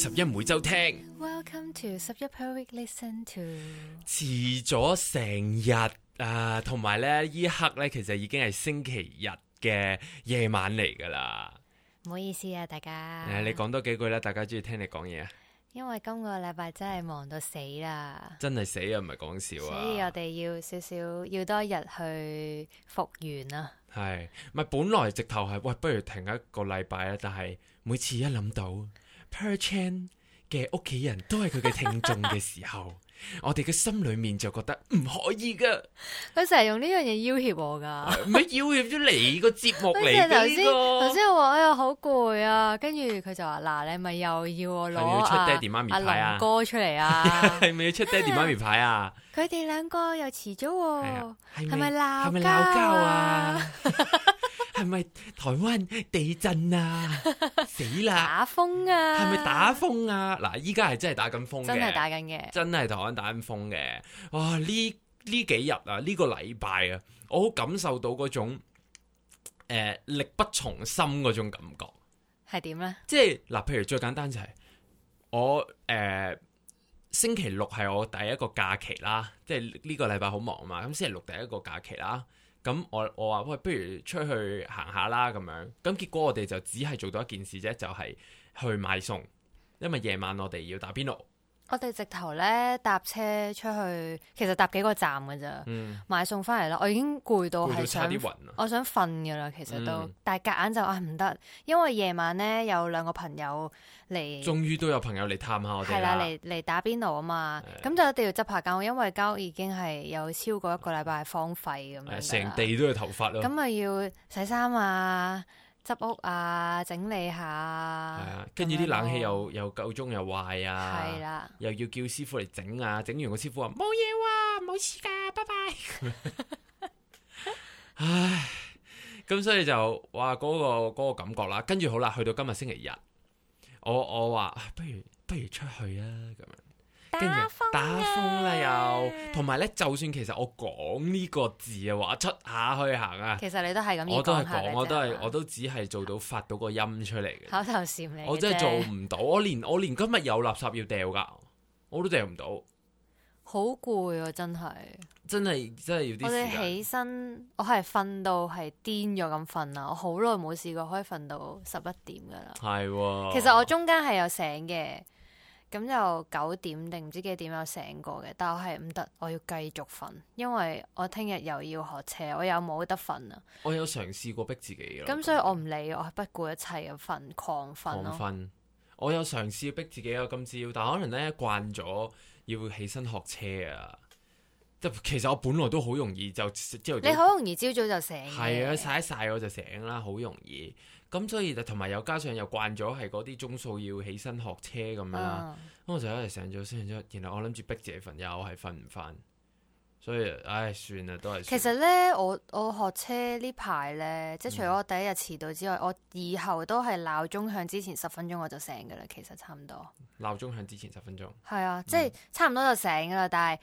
十一每周聽，Welcome to 十一 per week listen to。遲咗成日啊，同埋咧，呢一刻咧，其實已經係星期日嘅夜晚嚟噶啦。唔好意思啊，大家。誒、呃，你講多幾句啦，大家中意聽你講嘢啊。因為今個禮拜真係忙到死啦，真係死啊，唔係講笑啊。所以我哋要少少，要多日去復原啊。係，咪本來直頭係喂，不如停一個禮拜啊，但係每次一諗到。Per Chan 嘅屋企人都係佢嘅聽眾嘅時候， 我哋嘅心裏面就覺得唔可以噶。佢成日用呢樣嘢要挾我噶，咩 要挾咗你個節目嚟嘅呢？頭先頭先我話哎呀好攰啊，跟住佢就話嗱、啊、你咪又要我攞阿阿六哥出嚟啊，係咪要出爹地媽咪牌啊？佢哋、啊 啊、 兩個又遲咗，係咪鬧交啊？ 係咪台灣地震啊？ 死啦了！打風啊！係咪打風啊？嗱，依家係真係打緊風嘅，真係打緊嘅，真係台灣打緊風嘅。哇！呢呢幾日啊，呢、呢個禮拜啊，我好感受到嗰種誒、呃、力不從心嗰種感覺，係點咧？即係嗱，譬如最簡單就係、係、我誒、呃、星期六係我第一個假期啦，即係呢個禮拜好忙嘛，咁星期六第一個假期啦。咁我我話喂，不如出去行下啦咁樣，咁結果我哋就只係做到一件事啫，就係去買餸，因為夜晚我哋要打邊爐。我哋直頭咧搭車出去，其實搭幾個站噶咋，嗯、買送翻嚟啦。我已經攰到係差啲暈我想瞓噶啦。其實都，嗯、但係夾硬就啊唔得，因為夜晚咧有兩個朋友嚟，終於都有朋友嚟探下我哋啦。嚟嚟、啊、打邊爐啊嘛，咁是就一定要執下間屋，因為間屋已經係有超過一個禮拜荒廢咁樣，成地都有頭髮咯了。咁咪要洗衫啊。執屋啊，整理下。係啊，跟住啲冷氣又又夠鐘又壞啊，係啦，又要叫師傅嚟整啊，整完個師傅話冇嘢哇，冇事噶，拜拜。唉，咁所以就哇嗰個嗰個感覺啦，跟住好啦，去到今日星期日，我我話不如不如出去啊咁樣。打風啦，欸，又同埋咧，就算其實我講呢個字嘅話，出下去行啊。其實你都係咁，我都係講，我都係，吧我都只係做到發到個音出嚟嘅口頭禪嚟。我真係做唔到 我，我連我連今日有垃圾要掉噶，我都掉唔到。好攰啊，真係，真係真係要啲。我哋起身，我係瞓到係癲咗咁瞓啊！我好耐冇試過可以瞓到十一點噶啦。係、呃，其實我中間係有醒嘅。咁就九點定唔知幾點有醒過嘅，但係我係唔得，我要繼續瞓，因為我聽日又要學車，我又冇得瞓啊！我有嘗試過逼自己，咁這樣 所以我唔理，我係不顧一切咁瞓狂瞓咯。我有嘗試逼自己有今朝，但可能咧慣咗要起身學車啊，就其實我本來都好容易就朝你好容易朝早就醒，係啊，晒一晒我就醒啦，好容易。咁所以就同埋又加上又慣咗係嗰啲鐘數要起身學車咁樣啦，咁、嗯、我就一嚟醒咗先然後我諗住逼自己瞓，又係瞓唔翻，所以唉算啦，都係。其實咧，我我學車呢排咧，即係除咗我第一日遲到之外，嗯、我以後都係鬧鐘響之前十分鐘我就醒㗎喇，其實差唔多。鬧鐘響之前十分鐘。係啊，即係差唔多就醒㗎喇，但係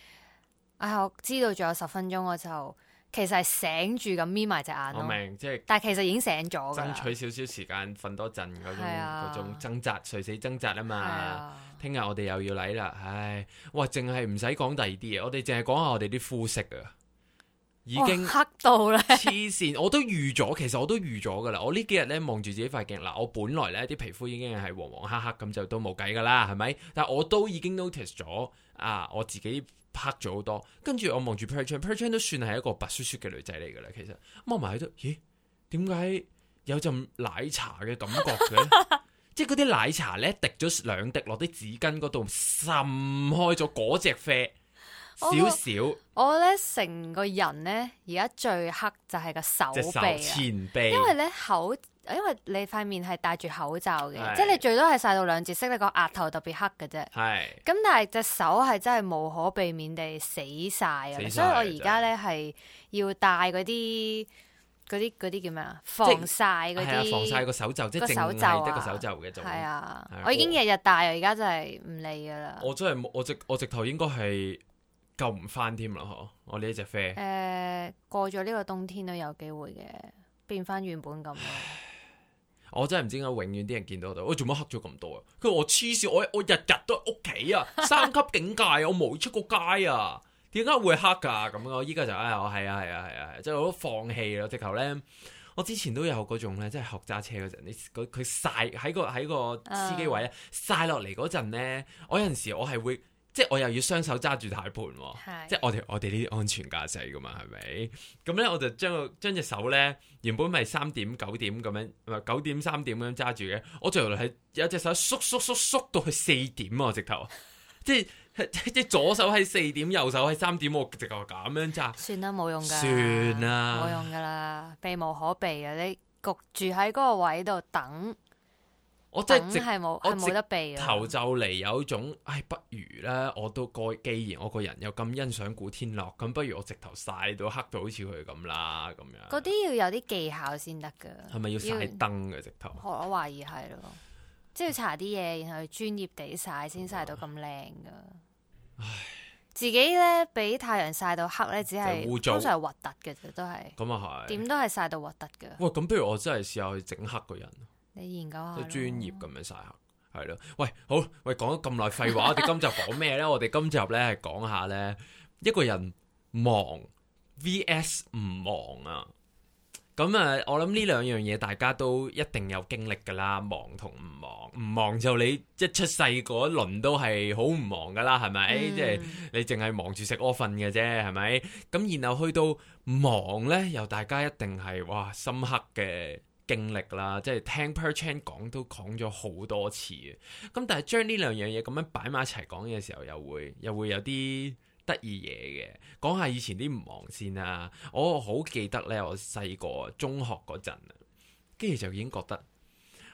唉，我知道仲有十分鐘，我就。其實係醒住咁眯埋隻眼，我明。即係但係其實已經醒咗，爭取少少時間瞓多陣嗰種嗰是、啊、種掙扎，垂死掙扎啊嘛！聽日是、啊、我哋又要嚟啦，唉，哇，淨係唔使講第二啲嘢，我哋淨係講下我哋啲膚色啊，已經、哦、黑到啦！黐線，我都預咗，其實我都預咗噶啦。我呢幾日咧望住自己塊鏡嗱，我本來咧啲皮膚已經係黃黃黑黑咁，就都冇計噶啦，係咪？但係我都已經 notice 咗啊，我自己。拍咗好多，跟住我望住 Per Chan，Per Chan 都算係一個白雪雪嘅女仔嚟噶啦。其實望埋喺度，咦？點解有陣奶茶嘅感覺嘅？ 即係嗰啲奶茶咧，滴咗兩滴落啲紙巾嗰度，滲開咗嗰隻啡少少。我咧的成小個人咧而家最黑就係個手臂啊，前臂因為咧口。因為你塊面係戴住口罩嘅，的即係你最多係晒到兩隻色，你個額頭特別黑嘅啫。係的。咁但係隻手係真係無可避免地死晒，啊。所以我而家咧係要戴嗰啲嗰啲嗰啲叫咩啊？防晒嗰啲。防晒個手袖，即係淨係得個手袖嘅就。係啊，我已經日日戴，而家我真係唔理噶啦。我真係我直我直頭應該係救唔翻添啦，我呢一隻啡。誒，過咗呢個冬天都有機會嘅，變翻原本咁咯。 我真係唔知點解永遠啲人見到我，欸，我做乜黑咗咁多啊？佢話我黐線，我我日日都喺屋企啊，三級警戒，我冇出過街啊，點解會黑噶？咁我依家就哎，我係啊係啊係啊，啊，啊，即係我都放棄咯。直頭咧，我之前都有嗰種咧，即係學揸車嗰陣，你佢曬喺個喺個司機位啊，曬落嚟嗰陣咧，我有陣時我係會。即係我又要雙手揸住大盤喎，啊，是即係我哋我哋呢啲安全駕駛噶嘛，係咪？咁咧我就將個將隻手咧原本咪三點九點咁樣，唔係九點三點咁樣揸住嘅，我最頭來有隻手縮縮縮縮，縮，縮，縮到去四點啊！直頭， 即係即係左手喺四點，右手喺三點，我直頭咁樣揸。算啦，冇用㗎。算啦了，冇用㗎啦，避無可避啊！你焗住喺嗰個位度等。我真係冇得避，頭就嚟有種，唉，不如咧，我都個既然我個人又咁欣賞古天樂，咁不如我直頭曬到黑到好似佢咁啦，咁樣。嗰啲要有啲技巧先得噶。係咪要曬燈嘅直頭到？我懷疑係咯，即係要搽啲嘢，然後專業地曬先曬到咁靚噶。啊、唉，自己咧俾太陽曬到黑咧，只係通常係核突嘅，都係。咁啊係，點都係曬到核突嘅。喂、哦，咁不如我真係試下去整黑個人。你研究下，都專業咁樣晒下，係咯？喂，好，喂，講咗咁耐廢話，我哋今集講咩呢？我哋今集呢係講下呢，一個人忙 V.S 唔忙啊。咁啊，我諗呢兩樣嘢，大家都一定有經歷噶啦，忙同唔忙。唔忙就你一出世嗰一輪都係好唔忙噶啦，係咪？即係你淨係忙住食屙瞓嘅啫，係咪？咁然後去到忙呢，又大家一定係哇深刻嘅。經歷啦，即係聽 Per Chan 講都講咗好多次嘅，咁但係將呢兩樣嘢咁樣擺埋一齊講嘅時候，又會又會有啲得意嘢嘅。講下以前啲唔忙先啦，我好記得咧，我細個中學嗰陣啊，跟住就已經覺得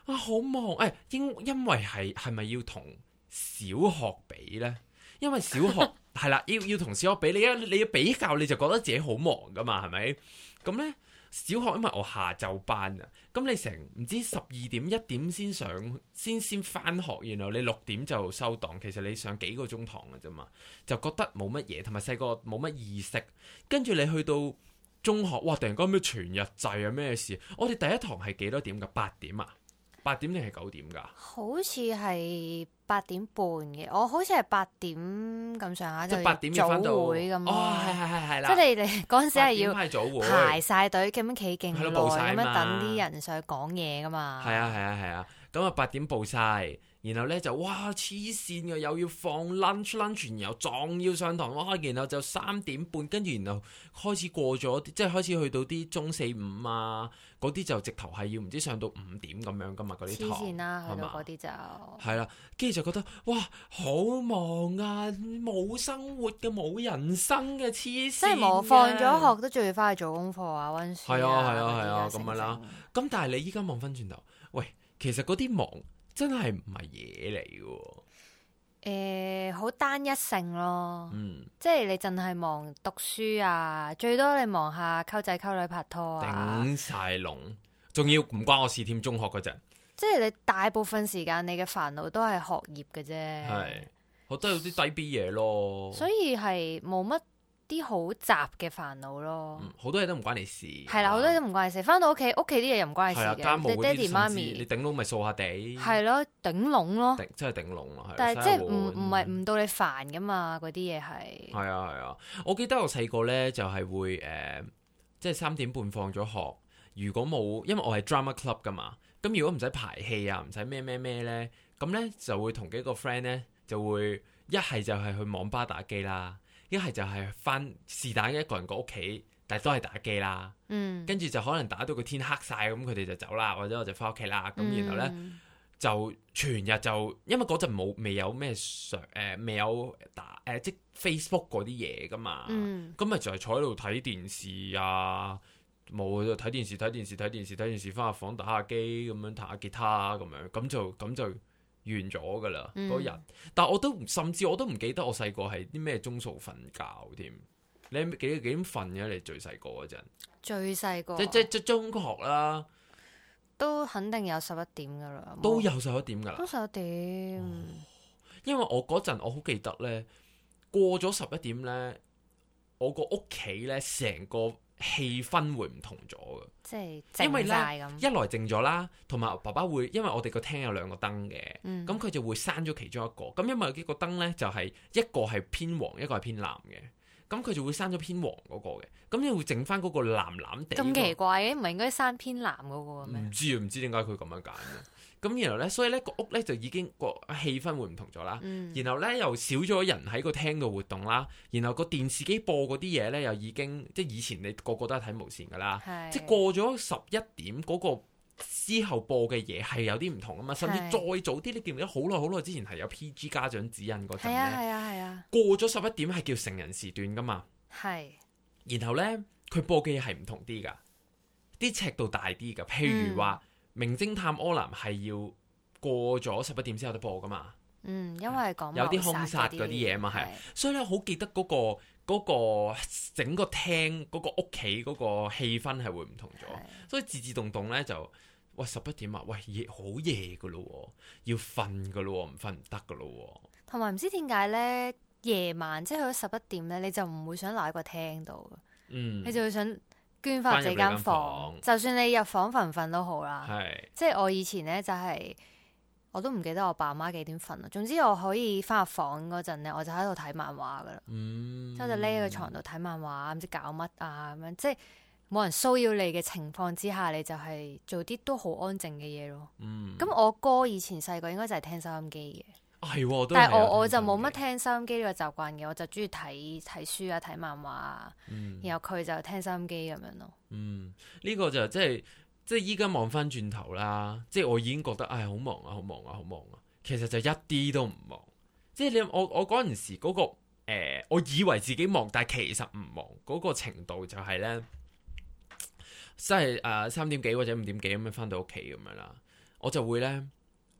啊好忙，誒、哎、因因為係係咪要同小學比咧？因為小學係 啦，要要同小學比你啊，你要比較你就覺得自己好忙㗎嘛，係咪？咁咧。小學因為我下晝班啊，咁你成唔知十二點一點先上，先先返學，然後你六點就收檔。其實你上幾個鐘堂嘅啫嘛，就覺得冇乜嘢，同埋細個冇乜意識。跟住你去到中學，哇！突然間咩全日制啊咩事？我哋第一堂係幾多點㗎？八點啊！八點定係九點噶？好似係八點半嘅，我好似係、哦、八點咁上下。即係八點要返到早會咁。係係係係啦。即係你嗰陣時係要排晒隊咁樣企勁耐，咁樣等啲人上去講嘢噶嘛。係啊係啊係啊。咁啊八點報晒，然後咧就哇黐線嘅，又要放 lunch lunch 然後，仲要上堂。哇！然後就三點半，跟住然後開始過咗，即係開始去到啲中四五啊。嗰啲就直頭係要唔知上到五點咁樣噶嘛，嗰啲堂係嘛？啲、啊、吧就係啦，跟住、啊、就覺得哇，好忙啊，冇生活嘅，冇人生嘅，黐線嘅。即係我放咗學都仲要翻去做功課啊，溫書啊，嗰啲咁樣啦。咁但係你依家望翻轉頭，喂，其實嗰啲忙真係唔係嘢嚟㗎。誒，好單一性咯。嗯、即係你淨係忙讀書啊，最多你忙下溝仔溝女拍拖啊，頂晒籠，仲要唔關我事添。中學嗰陣，即係你大部分時間你嘅煩惱都係學業嘅啫。係，我都有啲低 B 嘢咯，所以係冇乜。啲好雜嘅煩惱咯，好、嗯、多嘢都唔關你事。係啦的，好、啊、多嘢都唔關你事。翻到屋企，屋企啲嘢又唔關你事嘅。爹哋至媽咪媽，你頂籠咪掃下地。係咯，真係頂籠咯。即係頂籠啊！但係即係唔唔係唔到你煩噶嘛？嗰啲嘢係。係啊係啊，我記得我細個咧就係會誒、呃，即係三點半放咗學。如果冇，因為我係 drama club 噶嘛，咁如果唔使排戲啊，唔使咩咩咩咧，咁咧就會同幾個 friend 咧就會一係就係去網吧打機啦。一係就係翻是但一個人個屋企，但都係打機啦。跟住、嗯、就可能打到個天黑晒，咁佢哋就走啦，或者我就翻屋企啦。咁然後咧、嗯、就全日就，因為嗰陣冇未有咩上、呃、未有打誒、呃、即 Facebook 嗰啲嘢噶嘛。咁咪、嗯、就係坐喺度睇電視啊，冇睇電視睇電視睇電視睇電視，翻下房打下機咁樣彈下吉他咁樣，咁就咁就。完咗噶啦，嗰日、嗯，但係我都甚至我都唔記得我細個係啲咩鐘數瞓覺添。你幾幾點瞓嘅？你最細個嗰陣？最細個即即即中學啦，都肯定有十一點噶啦，都有十一點噶啦，都十一點、嗯。因為我嗰陣我好記得咧，過咗十一點咧，我個屋企咧成個。氣氛會唔同咗嘅，即係因為咧，寨一來靜咗啦，同埋爸爸會，因為我哋個廳有兩個燈嘅，咁佢、嗯、就會閂咗其中一個。咁因為幾個燈呢，就係、是、一個係偏黃，一個係偏藍嘅，咁佢就會閂咗偏黃嗰、那個嘅，咁你會剩翻嗰個藍藍地、那個。咁奇怪嘅，唔係應該閂偏藍嗰個咩？唔知啊，唔知點解佢咁樣揀。 咁、嗯嗯、然後咧，所以咧個屋咧就已經個氣氛會唔同咗啦。然後咧又少咗人喺個廳度活動啦。然後個電視機播嗰啲嘢咧又已經即係以前你個個都係睇無線噶啦。是即係過咗十一點嗰個之後播嘅嘢係有啲唔同啊嘛。是甚至再早啲，你記唔記得好耐好耐之前係有 PG 家長指引嗰陣咧？係啊係啊、係啊、過咗十一點係叫成人時段噶嘛？係是。然後咧佢播嘅嘢係唔同啲噶，啲尺度大啲噶。譬如話，嗯名偵探柯南係要過咗十一點先有得播噶嘛？嗯，因為講、嗯、有啲兇殺嗰啲嘢嘛。係是所以咧好記得嗰、嗰個、嗰個整個廳嗰、嗰個屋企嗰、啊嗰個氣氛係會唔同咗，是所以自自動動咧就，喂十一點啊，喂夜好夜噶咯，要瞓噶咯，唔瞓唔得噶咯。同埋唔知呢點解咧夜晚即係去到十一點咧，你就唔會想留喺個廳度，嗯，你就會想。捐翻自己間房，房就算你入房瞓唔瞓都好啦。是即係我以前咧就係、是，我都唔記得我爸媽幾點瞓咯。總之我可以翻入房嗰陣咧，我就喺度睇漫畫噶啦。嗯，之後就匿喺個床度睇漫畫，唔知搞乜啊咁樣。即係冇人騷擾你嘅情況之下，你就係做啲都好安靜嘅嘢咯。嗯，咁我哥以前細個應該就係聽收音機嘅。係，啊、但係我我就冇乜聽收音機呢個習慣嘅，我就中意睇睇書啊，睇漫畫啊。嗯、然後佢就聽收音機咁樣咯。嗯，呢、這個就即係即係依家望翻轉頭啦，即、就、係、是、我已經覺得唉好、哎、忙啊，好忙啊，好忙啊。其實就一啲都唔忙。即、就、係、是、你我我嗰陣時嗰、那個誒、呃，我以為自己忙，但係其實唔忙嗰、那個程度就係咧，即係誒三點幾或者五點幾咁樣翻到屋企咁樣啦。我就會咧誒、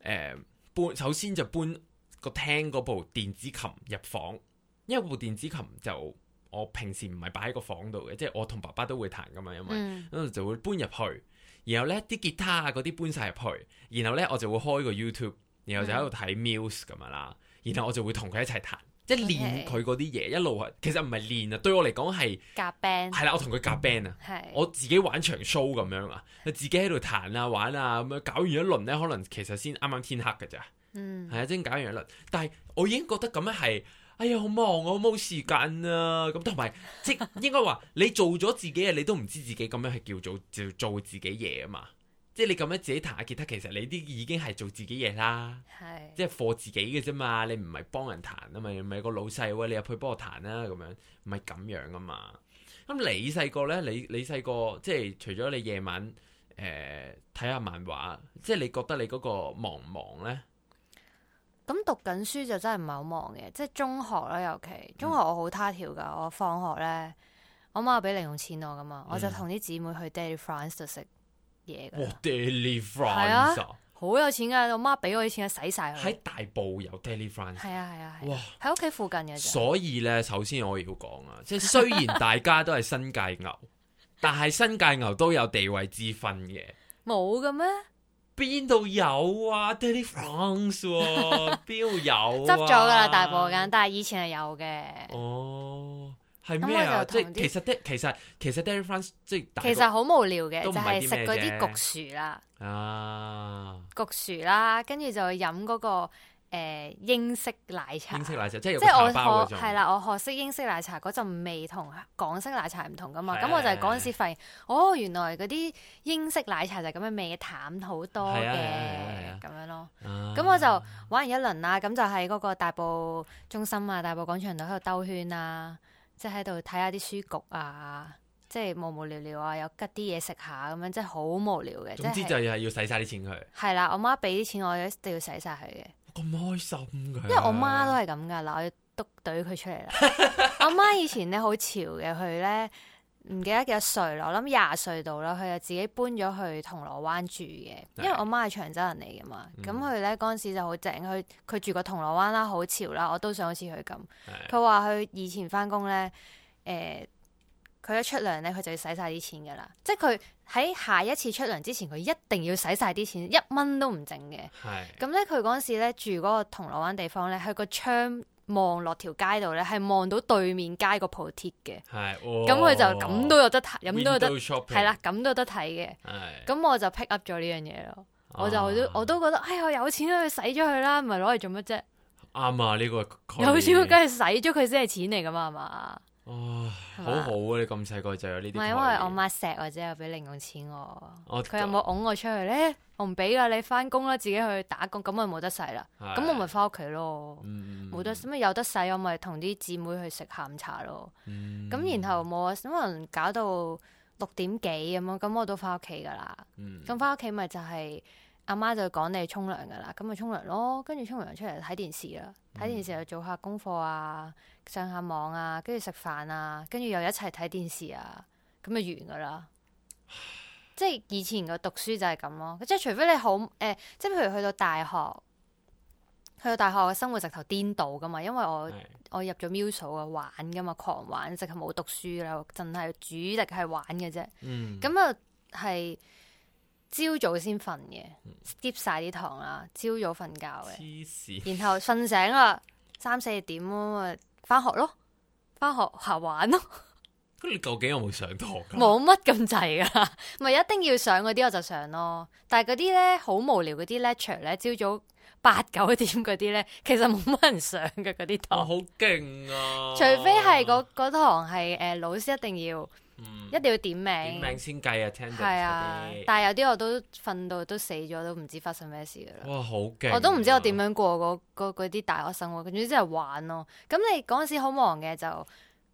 呃、搬，首先就搬。個廳嗰部電子琴入房，因為部電子琴就我平時唔係擺喺個房度嘅，即係我同爸爸都會彈噶嘛，因為，嗯、就會搬入去，然後呢啲吉他啊嗰啲搬晒入去，然後呢我就會開個 YouTube，然後就喺度睇 Muse 咁樣啦，嗯、然後我就會同佢一齊彈，即係練佢嗰啲嘢，Okay. 一路，其實唔係練啊，對我嚟講係夾 band，係啦，我同佢夾 band 啊，嗯、我自己玩場 show 咁樣啊，自己喺度彈啊玩啊，咁樣搞完一輪呢，可能其實先啱啱天黑㗎咋。嗯，係啊，精簡樣啦。但係我已經覺得咁樣係，哎呀，好忙，我冇時間啊。咁同埋即係應該話，你做咗自己嘅，你都唔知自己咁樣係叫做做做自己嘢啊嘛。即係你咁樣自己彈下吉他，其實你啲已經係做自己嘢啦。係是，即係課自己嘅啫嘛。你唔係幫人彈啊嘛，唔係個老細喂你入去幫我彈啦咁樣，唔係咁樣噶嘛。咁你細個咧，你呢你細個即係除咗你夜晚誒睇下漫畫，即係你、呃、你覺得你嗰個忙唔忙咧？咁讀緊書就真係唔係好忙嘅，即係中學啦，尤其中學，中學我好他條噶，嗯、我放學咧，我媽俾零用錢我噶嘛，嗯、我就同啲姊妹去 Daily France 度食嘢噶。Daily France 係啊，好有錢噶，我媽俾我啲錢都使晒。喺大埔有 Daily France，係啊係啊係。啊哇！喺屋企附近嘅。所以咧，首先我要講啊，即係雖然大家都係新界牛， 但係新界牛都有地位之分嘅。冇嘅咩？邊度有啊？Daily France 邊、啊、度 有、啊？執咗噶啦，大埔間，但係以前係有嘅。哦，係咩啊？嗯、就即係其實，即其實，其實，實 Daily France 即係其實好無聊嘅，就係食嗰啲焗薯啦。啊，焗薯啦，跟住就飲嗰、那個。誒、欸、英式奶茶，英式奶茶即係我學係啦、啊，我學識英式奶茶嗰陣味同港式奶茶唔同噶嘛。咁、啊、我就係嗰陣時發現，啊、哦，原來嗰啲英式奶茶就咁樣味淡，淡好多嘅咁樣咯。咁、啊、我就玩完一輪啦。咁就喺嗰個大埔中心啊，大埔廣場度喺度兜圈啊，即係喺度睇下啲書局啊，即係無無聊聊啊，有吉啲嘢食下咁樣，真係好無聊嘅。總之就係、是、要使晒啲錢去。係啦、啊，我媽俾啲錢我，一定要使晒佢嘅。咁開心嘅， 因為我媽都係咁噶，嗱的，我要督隊佢出嚟啦。我媽以前咧好潮嘅，佢咧唔記得幾多歲咯，我諗廿歲度啦，佢就自己搬咗去銅鑼灣住嘅，因為我媽係長洲人嚟噶嘛。咁佢咧嗰陣時就好正，佢佢住過銅鑼灣啦，好潮啦，我都想好似佢咁。佢話佢以前翻工咧，誒、呃。佢一出糧咧，佢就要使晒啲錢嘅啦。即係佢喺下一次出糧之前，佢一定要使晒啲錢，一蚊都唔剩嘅。係是。咁咧，佢嗰陣時咧住嗰個銅鑼灣地方咧，佢個窗望落條街度咧，係望到對面街個鋪貼嘅。係。咁、哦、佢就咁都有得睇，咁、哦哦、都有得係啦，咁 shopping 都有得睇嘅。係是。咁我就 pick up 咗呢樣嘢咯。啊、我就我都覺得，哎我有錢都去使咗佢啦，唔係攞嚟做乜啫？啱啊，呢、呢個有錢梗係使咗佢先係錢嚟噶嘛，係嘛？哦，是是好好啊！你咁細個就有呢啲是，唔係因為我媽錫或者又俾零用錢我。佢、oh、God. 有冇㧬我出去咧？我唔俾噶，你翻工啦，自己去打工，咁咪冇得使啦。咁的我咪翻屋企咯，冇、嗯、得使，咁有得使，我咪同啲姊妹去食下午茶咯。咁、嗯、然後冇啊，可能搞到六點幾咁咯，咁我都翻屋企噶啦。咁翻屋企咪就係阿媽就講你沖涼噶啦，咁咪沖涼咯。跟住沖完涼出嚟睇電視啦，睇電視又做下功課啊。上下網啊，跟住食飯啊，跟住又一齊睇電視啊，咁就完噶啦。即係以前個讀書就係咁咯，即係除非你好誒、欸，即係譬如去到大學，去到大學嘅生活直頭顛倒噶嘛，因為我的我入咗 Muso 啊玩噶嘛，狂玩直頭冇讀書啦，真係主力係玩嘅啫。嗯，咁啊係朝早先瞓嘅，skip 晒啲堂啦，朝早瞓覺嘅，然後瞓醒啦三四點啊。翻學咯，翻學下玩咯。咁你究竟有冇上堂？冇乜咁滯噶，咪 一定要上嗰啲我就上咯。但係嗰啲咧好無聊嗰啲 lecture 咧，朝早八九點嗰啲咧，其實冇乜人上嘅嗰啲堂。好勁啊！除非係嗰堂係誒老師一定要。嗯、一定要點名，點名先計啊！聽日嗰係啊，但係有啲我都瞓到都死咗，都唔知發生咩事噶啦。哇，好勁、啊！我都唔知我點樣過嗰啲大學生活，佢總之係玩咯、啊。咁你嗰陣時好忙嘅，就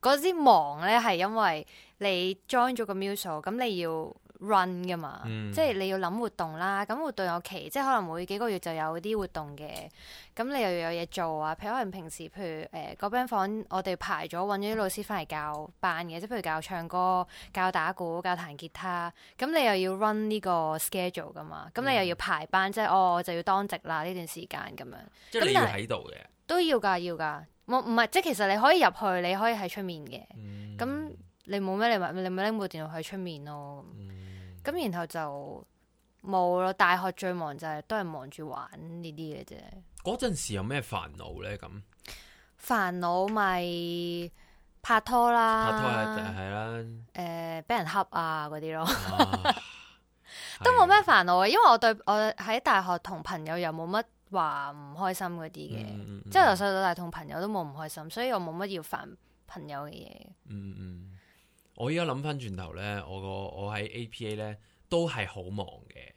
嗰陣時忙呢，係因為你 join 咗個 music，咁你要，run 噶嘛，嗯、即係你要諗活動啦，咁活動有期，即係可能每幾個月就有啲活動嘅，咁你又要有嘢做啊，譬如可能平時，譬如誒間、呃、房我哋排咗揾咗啲老師翻嚟教班嘅，即係譬如教唱歌、教打鼓、教彈吉他，咁你又要 run 呢個 schedule 噶嘛，咁、嗯、你又要排班，即係哦我就要當值啦呢段時間咁樣，即係是你要喺度嘅，要都要噶要噶，唔係，即係其實你可以入去，你可以喺出面嘅，咁、嗯。你冇咩？你咪你咪拎部電腦喺出面咯。咁，嗯、然後就冇咯。大學最忙就係都係忙住玩呢啲嘢啫。嗰陣時有咩煩惱咧？咁煩惱咪拍拖啦，拍拖係、就係、啦。誒、呃，俾人恰啊嗰啲咯，啊、 都冇咩煩惱。是的 因為我對我喺大學同朋友又冇乜話唔開心嗰啲嘅，嗯嗯嗯，即係由細到大同朋友都冇唔開心，所以我冇乜要煩朋友嘅嘢。嗯嗯，嗯。我依家諗翻轉頭咧，我個我喺 APA 咧都係好忙嘅，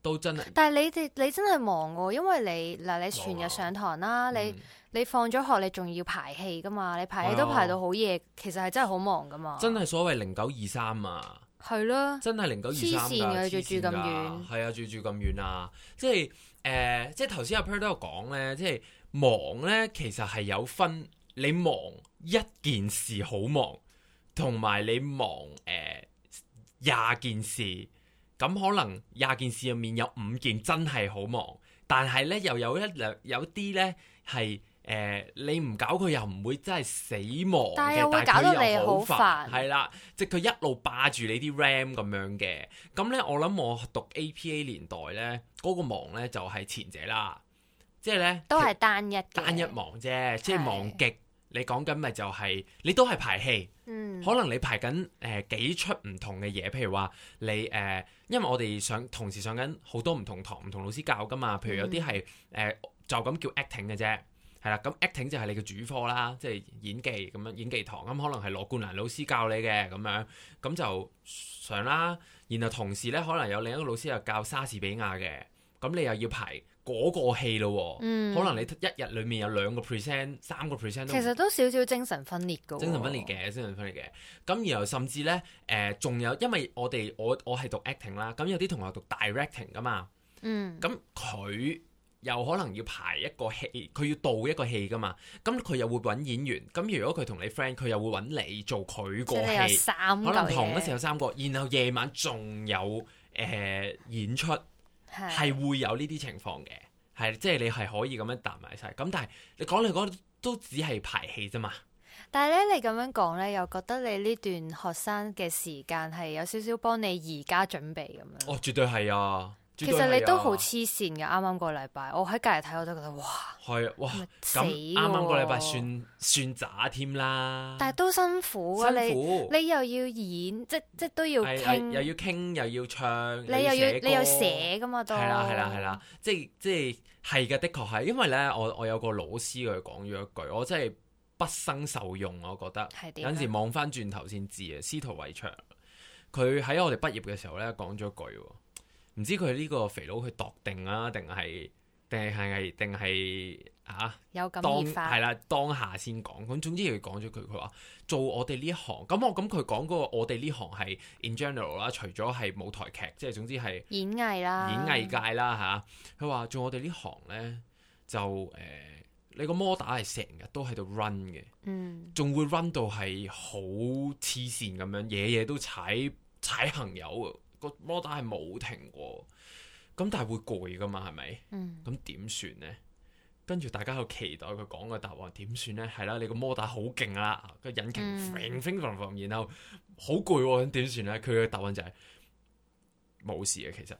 都真係。但係你哋你真係忙嘅，因為你嗱你全日上堂啦，你你放咗學你仲要排戲噶嘛，你排戲都排到好夜，其實係真係好忙噶嘛。真係所謂零九二三啊，係咯，真係零九二三黐線嘅，住住咁遠，係啊，住住咁遠啊，即係誒，即係頭先阿 Per 都有講咧，即係忙咧其實係有分，你忙一件事好忙。同埋你忙，誒、呃、廿件事，咁可能廿件事入面有五件真係好忙，但係咧又有一兩有啲咧係誒你唔搞佢又唔會真係死忙，但係搞到你好煩，係啦，即係佢一路霸住你啲 RAM 咁樣嘅。咁咧我諗我讀 APA 年代咧嗰個忙咧就係前者啦，即係咧都係單一單一忙啫，即係忙極。你講緊咪就係、是、你都係排戲，嗯、可能你排緊誒、呃、幾出唔同嘅嘢，譬如話你誒、呃，因為我哋上同時上緊好多唔同堂，唔同老師教噶嘛，譬如有啲係誒就咁叫 acting 嘅啫，係啦，咁 acting 就係你嘅主課啦，即係演技咁樣演技堂，咁、嗯、可能係羅冠蘭老師教你嘅咁樣，咁就上啦。然後同時咧，可能有另一個老師又教莎士比亞嘅，咁你又要排。嗰個戲咯、哦，嗯、可能你一日裡面有兩個 percent、三個 percent，其實都少少精神分裂嘅、哦。精神分裂嘅，精神分裂嘅。咁然後甚至咧，誒、呃，仲有，因為我哋我我係讀 acting 啦，咁有啲同學讀 directing 噶嘛。嗯。咁佢又可能要排一個戲，佢要導一個戲噶嘛。咁佢又會揾演員。咁如果佢同你 friend，佢又會揾你做佢個戲。三，可能同一時有三個。然後夜晚仲有誒、呃、演出。係會有呢啲情況嘅，係即係你係可以咁樣彈埋曬。咁但係你講嚟講去都只係排戲啫嘛。但係咧，你咁樣講咧，又覺得你呢段學生嘅時間係有少少幫你而家準備咁樣。哦，絕對係啊！ 其實你都好黐線嘅，啱啱個禮拜，我喺隔籬睇我都覺得哇，係、啊、哇，咁啱啱個禮拜算 算渣添啦。但係都辛苦啊，辛苦你你又要演，即即都要傾、啊，又要傾 又要唱，你又要，要寫你又要你要寫噶嘛，都係啦係啦係啦，即即係嘅的確係，因為咧我我有個老師佢講咗一句，我真係不生受用，我覺得有陣時望翻轉頭先知啊。司徒偉祥，佢喺我哋畢業嘅時候咧講咗一句。唔知佢呢個肥佬去度定啊，定係定係係定係嚇，有咁熱化啦，當下先講。咁總之佢講咗佢，佢話做我哋呢行咁我咁佢講嗰個我哋呢行係 in general 啦，除咗係舞台劇，即係總之係演藝啦、演藝界啦吓？佢、啊、話做我哋呢行咧，就誒、呃、你個摩打 d 係成日都喺度 run 嘅，嗯，仲會 run 到係好黐線咁樣，夜夜都踩踩朋友個摩打 d 係冇停過，咁但係會攰噶嘛？係咪？咁點算呢？跟住大家又期待佢講嘅答案點算呢？係啦，你個摩打好勁啦，個引擎飛飛飛，然後好攰咁點算呢？佢嘅答案就係冇事嘅，其實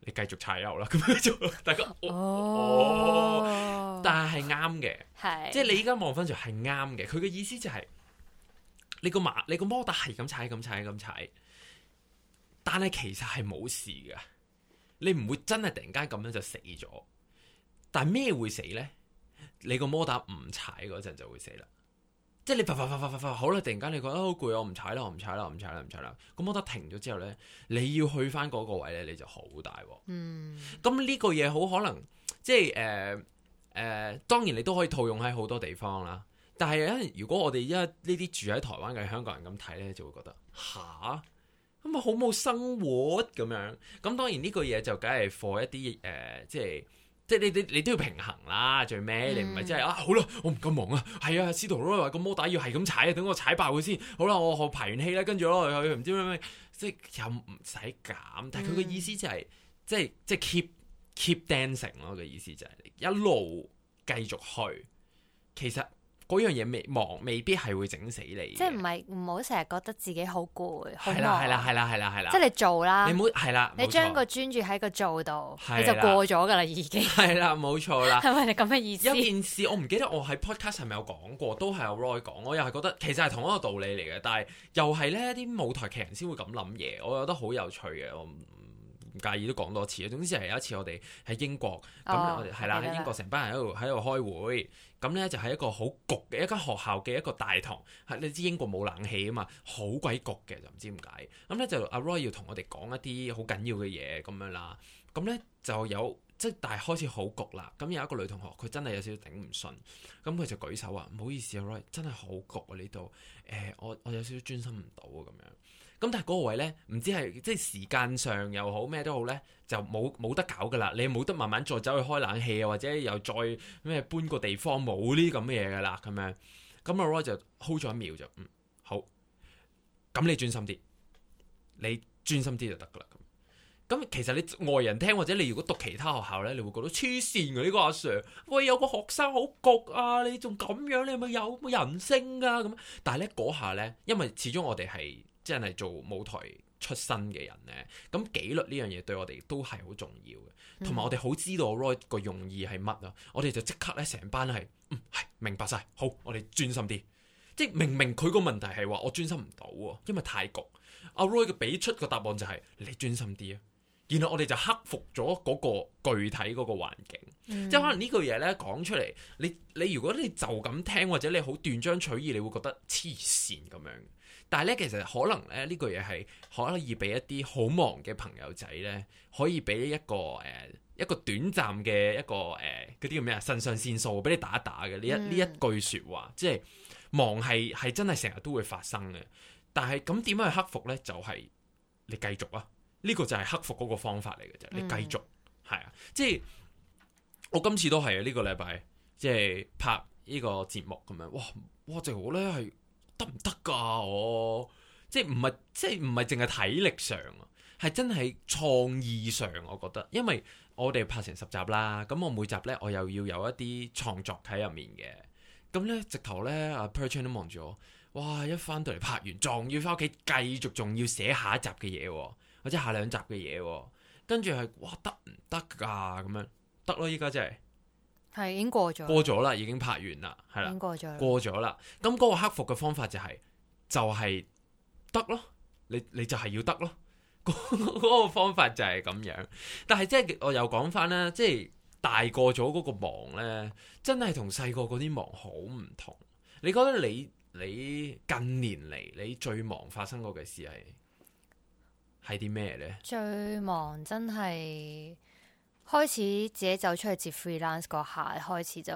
你繼續踩油啦。咁樣做，大家哦，哦，但係係啱嘅，即係的你依家望翻住係啱嘅。佢嘅意思就係你個馬，你個摩打係咁踩，咁踩，咁踩。但係其實係冇事嘅，你唔會真係突然間咁樣就死咗。但係咩會死呢？你個摩打唔踩嗰陣就會死啦。即係你噪噪噪噪噪噪，好啦，突然間你覺得好攰，我唔踩啦，我唔踩啦，唔踩啦，唔踩啦。咁摩打停咗之後呢，你要去翻嗰個位呢，你就好大。嗯，咁呢個嘢好可能，即係誒誒，當然你都可以套用喺好多地方啦。但係、呃、如果我哋而家呢啲住喺台灣嘅香港人咁睇呢，就會覺得吓。咁啊，好冇生活咁樣。咁當然呢個嘢就梗係 for 一啲誒、uh，即係即係你你你都要平衡啦。最尾你唔係真係、嗯、啊，好啦，我唔敢忙啊。係啊，司徒威司徒都話個摩打要係咁踩，等我踩爆佢先。好啦，我，我排完氣啦，跟住咯，唔知咩咩，即係又唔使減。但係佢嘅意思就係、是，即係即係 keep keep dancing 咯。嘅意思就係、是、一路繼續去。其實。嗰樣嘢未忙，未必係會整死你，即係係。即係唔係唔好成日覺得自己好攰，係啦係啦係啦係啦係啦。即係你做啦，你冇係啦。你將個專注喺個做度，啦你就過咗噶啦，已經係 啦，冇錯啦。係咪你咁嘅意思？ 一件事我唔記得我喺 Podcast 係咪有講過，都係有 Roy 講，我又係覺得其實係同一個道理嚟嘅，但係又係咧啲舞台劇人先會咁諗嘢，我覺得好有趣嘅，我。介意都講多次啊！總之係有一次我哋喺英國咁，哦、我哋係啦喺英國成班人喺度喺度開會，咁咧就喺一個好焗嘅一間學校嘅一個大堂，你知英國冇冷氣啊嘛，好鬼焗嘅，就唔知點解。咁咧就阿 Roy 要同我哋講一啲好緊要嘅嘢咁樣啦。咁咧就有即係，但係開始好焗啦。咁有一個女同學，佢真係有少少頂唔順，咁佢就舉手話：唔好意思，阿 Roy，真係好焗啊呢度。誒、欸，我我有少少專心唔到啊咁樣。咁但係嗰個位咧，唔知係即係時間上又好咩都好咧，就冇冇得搞噶啦。你冇得慢慢再走去開冷氣啊，或者又再咩搬個地方，冇呢啲咁嘅嘢噶啦。咁樣，咁阿 Roy 就 hold 咗一秒就嗯，好，咁你專心啲，你專心啲就得噶啦。咁、嗯、咁其實你外人聽或者你如果讀其他學校咧，你會覺得黐線噶呢個阿 Sir，喂有個學生好焗啊，你仲咁樣，你係咪有冇人性噶、啊、咁？但係咧嗰下咧，因為始終我哋係。即係做舞台出身嘅人紀、嗯、呢，咁紀律呢樣嘢對我哋都係好重要嘅，同埋我哋好知道 Roy 個用意係乜啊，我哋就即刻咧成班係，嗯係明白晒，好，我哋專心啲，即係明明佢個問題係話我專心唔到，因為太焗，阿、啊、Roy 嘅俾出個答案就係、是、你專心啲啊。然後我哋就克服咗嗰個具體嗰個環境，嗯、即係可能呢句嘢呢講出嚟，你你如果你就咁聽，或者你好斷章取義，你會覺得黐線咁樣。但係呢，其實可能咧呢句嘢係可以俾一啲好忙嘅朋友仔呢，可以俾一個誒、呃、一個短暫嘅一個誒嗰啲叫咩啊？腎、呃、上腺素俾你打一打嘅呢一呢一句説話，即係忙係係真係成日都會發生嘅。但係咁點樣去克服呢？就係、是、你繼續啊！呢個就係克服嗰個方法嚟嘅啫。你繼續係、嗯、啊，即係我今次都係、這個、啊。呢個禮拜即係拍呢個節目咁樣，哇哇，正好咧，係得唔得㗎？我即係唔係即係唔係淨係體力上啊，係真係創意上。我覺得因為我哋拍成十集啦，咁我每集咧我又要有一啲創作喺入面嘅。咁咧直頭咧，阿 Per Chan 都望住我，哇！一翻到嚟拍完，仲要翻屋企繼續，仲要寫下一集嘅嘢喎。或者下兩集嘅嘢、啊，跟住係哇得唔得噶咁樣？得咯、啊，依家真係係已經過咗，過咗啦，已經拍完啦，係啦，已經過咗，過咗啦。咁嗰個克服嘅方法就係就係得咯，你你就係要得咯、啊。嗰 嗰個方法就係咁樣。但係即係我又講翻啦，即係大個咗嗰個忙咧，真係同細個嗰啲忙好唔同。你覺得你你近年嚟，你最忙發生過嘅事係？係啲咩咧？呢，最忙真係開始自己走出去接 freelance 嗰下開始就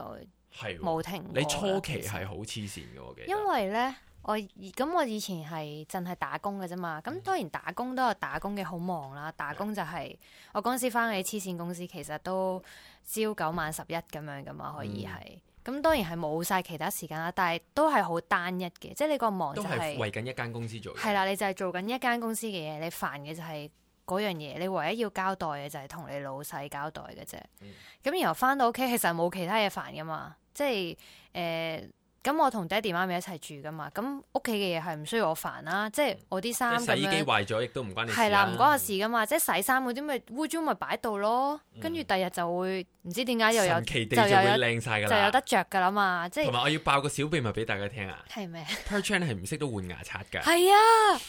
冇停、哦。你初期係好黐線嘅，其實因為咧我咁我以前係淨係打工嘅啫嘛。咁當然打工都有打工嘅好忙啦。打工就係、是、我嗰陣時翻喺黐線公司，其實都朝九晚十一咁樣噶嘛，可以係。咁當然係冇晒其他時間啦，但係都係好單一嘅，即係你個忙就係為緊一間公司做。係啦，你就係做緊一間公司嘅嘢，你煩嘅就係嗰樣嘢，你唯一要交代嘅就係同你老細交代嘅啫。咁、嗯、然後翻到屋企，其實冇其他嘢煩㗎嘛，即係誒。呃咁我同爹哋媽咪一齊住噶嘛，咁屋企嘅嘢係唔需要我煩啦，即係我啲衫洗衣機壞咗亦都唔關你事啊。係啦，唔關我事噶嘛，即係洗衫嗰啲咪污糟咪擺度咯，跟住第日就會唔知點解又有奇就有靚晒噶啦，就有，就有得着噶啦嘛，即係。同埋我要爆個小秘密俾大家聽啊！係咩？Per Chan 係唔識得換牙刷噶。係啊。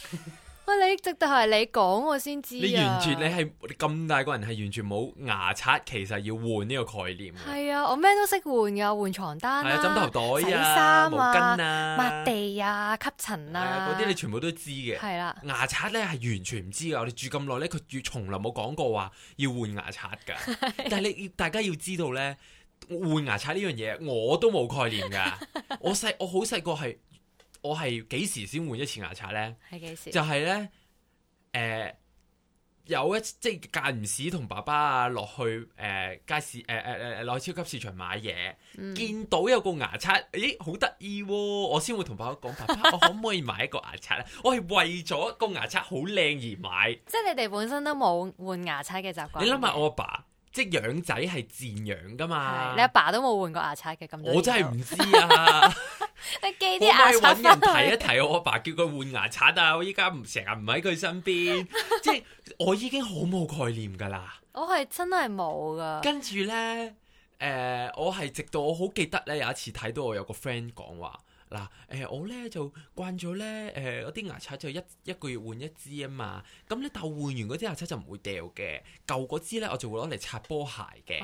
喂、啊，你直頭係你講我先知、啊、你完全你係咁大個人，係完全冇牙刷，其實要換呢個概念。係啊，我咩都識換噶，換床單啊，啊，枕頭袋啊、啊毛巾啊、抹地啊、吸塵啊，嗰啲、啊、你全部都知嘅。係啦、啊，牙刷咧係完全唔知噶，我哋住咁耐咧，佢從來冇講過話要換牙刷噶。 但係你大家要知道咧，換牙刷呢樣嘢我都冇概念噶。 我細我好細個係。我係幾時先換一次牙刷咧？係幾時？就係咧，誒、呃，有一即係間唔時同爸爸啊落去誒、呃、街市誒誒誒落去超級市場買嘢，嗯、見到有個牙刷，咦好得意喎！我先會同爸爸講，爸爸，我可唔可以買一個牙刷咧？ 我係為咗個牙刷好靚而買。即係你哋本身都冇換牙刷嘅習慣。你諗下我阿爸，爸。即係養仔係賤養噶嘛？你阿爸都冇換過牙刷嘅咁多年，我真係唔知啊！你基啲牙刷，好快揾人睇一睇。我阿爸，爸叫佢換牙刷啊！我依家唔成日唔喺佢身邊，即係 我已經好冇概念㗎啦、呃。我係真係冇噶。跟住咧，誒，我係直到我好記得咧，有一次睇到我有個 friend 講話。嗱，誒、呃，我咧就慣咗咧，誒、呃，啲牙刷就一一個月換一支啊嘛，咁咧就換完嗰支牙刷就唔會掉嘅，舊嗰支咧我就會攞嚟擦波鞋嘅，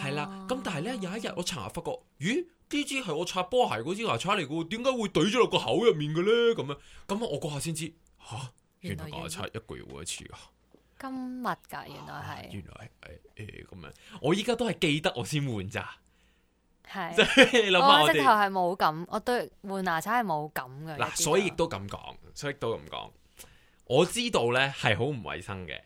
係啦、啊，咁但係咧有一日我查下，發覺，咦，呢支係我擦波鞋嗰支牙刷嚟噶，點解會懟咗落個口入面嘅咧？咁樣，咁我嗰下先知，吓、啊，原來牙刷一個月換一次噶、啊，咁密噶，原來係，原來係誒咁樣，我依家都係記得我先換咋。係， 你我個舌頭係冇感，我對換牙刷係冇感嘅。嗱，所以亦都咁講，所以都咁講。我知道咧係好唔衛生嘅，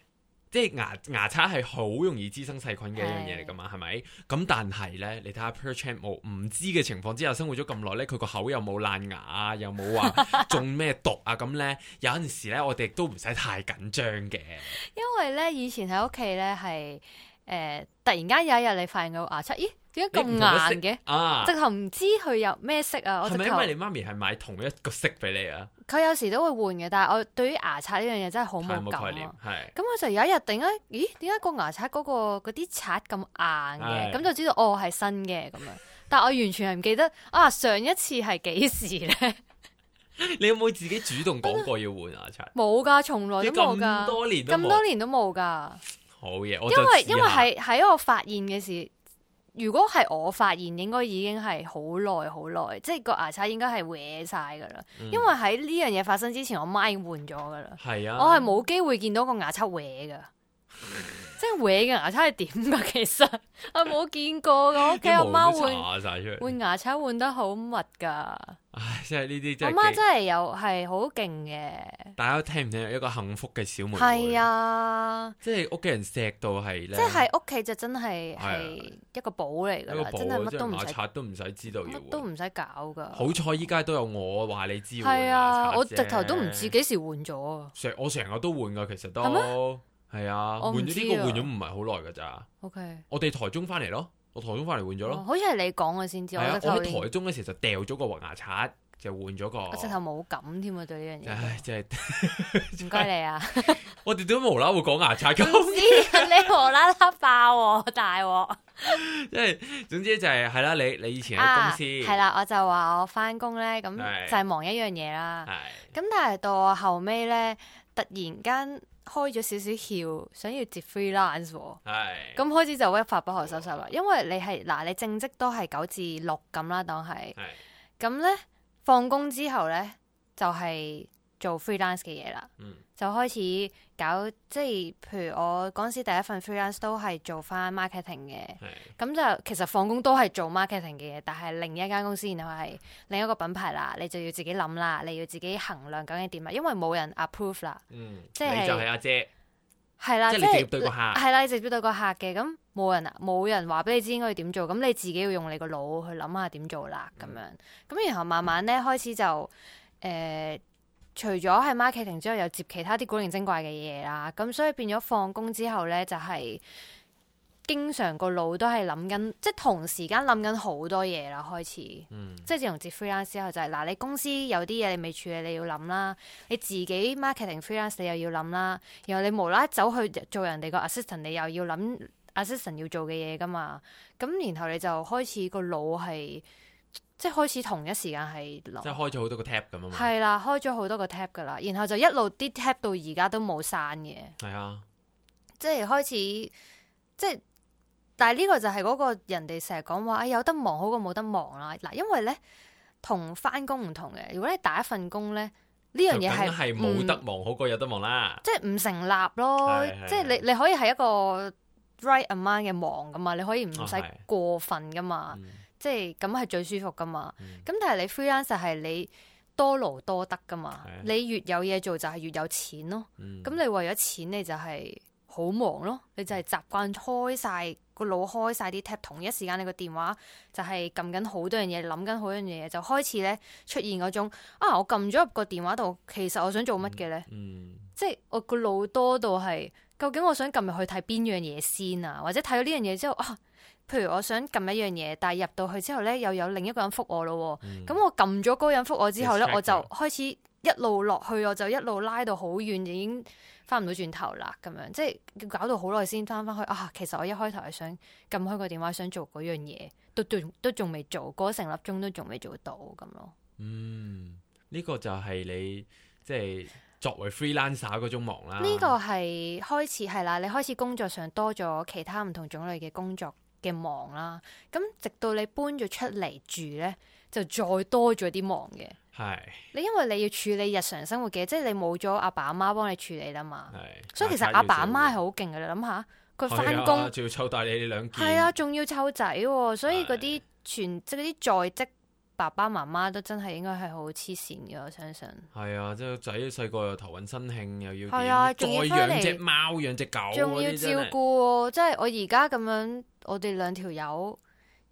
即係牙牙刷係好容易滋生細菌嘅一樣嘢嚟噶嘛？係咪、欸？咁但係咧，你睇下 Per Chan 冇唔知嘅情況之下生活咗咁耐咧，佢個口又冇爛牙，又冇話中咩毒啊？咁咧 有陣時咧，我哋亦都唔使太緊張嘅。因為咧，以前喺屋企咧係誒，突然間有一日你發現個牙刷，咦？點解咁硬嘅？啊！直頭唔知佢有咩色啊！係咪因為你媽咪係買同一個色俾你啊？佢有時都會換嘅，但係我對於牙刷呢、啊、樣嘢真係好冇概念。係咁，我就有一日突然咦？點解個牙刷嗰、那個啲刷咁硬嘅？咁是就知道哦，係新嘅咁樣。但係我完全係唔記得啊！上一次係幾時咧？ 你有冇自己主動講過要換牙刷？冇噶，從來都冇噶，咁多年都，咁多年都冇噶。 好嘢為！因為因為係係一個發現嘅事。如果係我發現，應該已經係好耐好耐，即係個牙刷應該係歪晒噶啦。嗯、因為喺呢樣嘢發生之前，我媽已經換咗噶啦，是啊、我係冇機會見到個牙刷歪噶。 即係換嘅牙刷係點噶？其實我冇見過噶，我屋企阿媽換換牙刷換得好密噶。唉，即係呢啲，阿媽真係有係好勁嘅。大家聽唔聽一個幸福嘅小妹妹？係啊，即係屋企人錫到係咧，即係屋企就真係係一個寶嚟噶啦，啊、真係乜都唔使刷都，都唔使知道，都唔使搞噶。好彩依家都有我話你知。係啊，我直頭都唔知幾時換咗啊！成我成日都換噶，其實都。係啊，換咗呢個換咗唔係好耐噶咋？OK，我哋台中翻嚟咯，我台中翻嚟換咗咯，好似係你講我先知。係啊，我喺台中嗰時就掉咗個牙刷，就換咗個，我直頭冇咁添啊！對呢樣嘢，唉，真係唔該你啊！我哋都無啦啦會講牙刷，公司，你無啦啦爆我大鑊，因為總之就係係啦，你你以前喺公司係啦，我就話我翻工咧，咁就係忙一樣嘢啦，咁但係到後尾咧，突然間。開咗少少竅，想要接 freelance，咁、哦 嗯、開始就一發不可收拾啦。因為你係嗱，你正職都係九至六咁啦，當係，咁呢，放 工、嗯嗯、之後呢，就係、是。做 freelance 嘅嘢啦，嗯、就開始搞，即係譬如我嗰時第一份 freelance 都係做翻 marketing 嘅，咁是就其實放工都係做 marketing 嘅嘢，但係另一間公司然後係另一個品牌啦，你就要自己諗啦，你要自己衡量究竟點啊，因為冇人 approve 啦，即係就係阿姐係啦，即係是你係啦，你直接對個客嘅，咁冇人啊冇人話俾你知應該要點做，咁你自己要用你個腦去諗下點做啦，咁樣，咁、嗯、然後慢慢咧開始就誒。呃除咗係 marketing 之後，又接其他啲古靈精怪嘅嘢啦，咁、嗯、所以變咗放工之後呢，就係、是、經常個腦都係諗緊，即係同時間諗緊好多嘢啦。開始，嗯、即係自從接 freelance 之後，就係、是、嗱，你公司有啲嘢你未處理，你要諗啦；你自己 marketing freelance 你又要諗啦，然後你無啦啦走去做人哋個 assistant，你又要諗 assistant 要做嘅嘢㗎嘛，咁然後你就開始個腦係。即係開始同一時間係即係開咗好多個 tap 咁啊！係啦，開咗好多個 tap 噶啦，然後就一路啲 tap 到而家都冇刪嘅。係啊的，即係開始，即係，但係呢個就係嗰個人哋成日講話有得忙好過冇得忙啦。嗱，因為咧同翻工唔同嘅，如果你打一份工咧呢樣嘢係冇得忙好過有得忙啦，嗯、即係唔成立咯。即係你你可以係一個 right amount 嘅忙噶嘛，你可以唔使、right、過分噶嘛。哦即係咁係最舒服噶嘛？咁、嗯、但係你 freelance 係你多勞多得噶嘛？的你越有嘢做就係越有錢咯。咁、嗯、你為咗錢，你就係好忙咯。你就係習慣開晒個腦，腦開晒啲 tap，同一時間你個電話就係撳緊好多樣嘢，諗緊好多樣嘢，就開始咧出現嗰種啊！我撳咗入個電話度，其實我想做乜嘅咧？嗯嗯、即係我個腦多到係，究竟我想撳入去睇邊樣嘢先啊？或者睇到呢樣嘢之後啊？譬如我想撳一樣嘢，但係入到去之後咧，又有另一個人複我咯。哦。咁、嗯、我撳咗嗰人複我之後咧， 我就開始一路落去，我就一路拉到好遠，已經翻唔到轉頭啦。咁樣即係搞到好耐先翻翻去。啊，其實我一開頭係想撳開個電話，想做嗰樣嘢，都都仲未做，過成粒鐘都仲未做到咁咯。嗯、呢、這個就係你即係、就是、作為 freelancer 嗰種忙啦。呢個係開始係啦，你開始工作上多咗其他唔同種類嘅工作，嘅忙啦，咁直到你搬咗出嚟住咧，就再多咗啲忙嘅。係的，你因為你要處理日常生活嘅，即係你冇咗阿爸阿媽幫你處理啦嘛。係的，所以其實阿爸阿媽係好勁嘅。諗下佢翻工，仲要湊大你哋兩，係啊，仲要湊仔，所以嗰啲全即係嗰啲在職。爸爸媽媽都真係應該係好黐線嘅，我相信。係啊，即係仔細個又頭暈身㷫，又要，係啊，要再養隻貓，養隻狗，仲要照顧、哦，是即係我而家咁樣，我哋兩條友。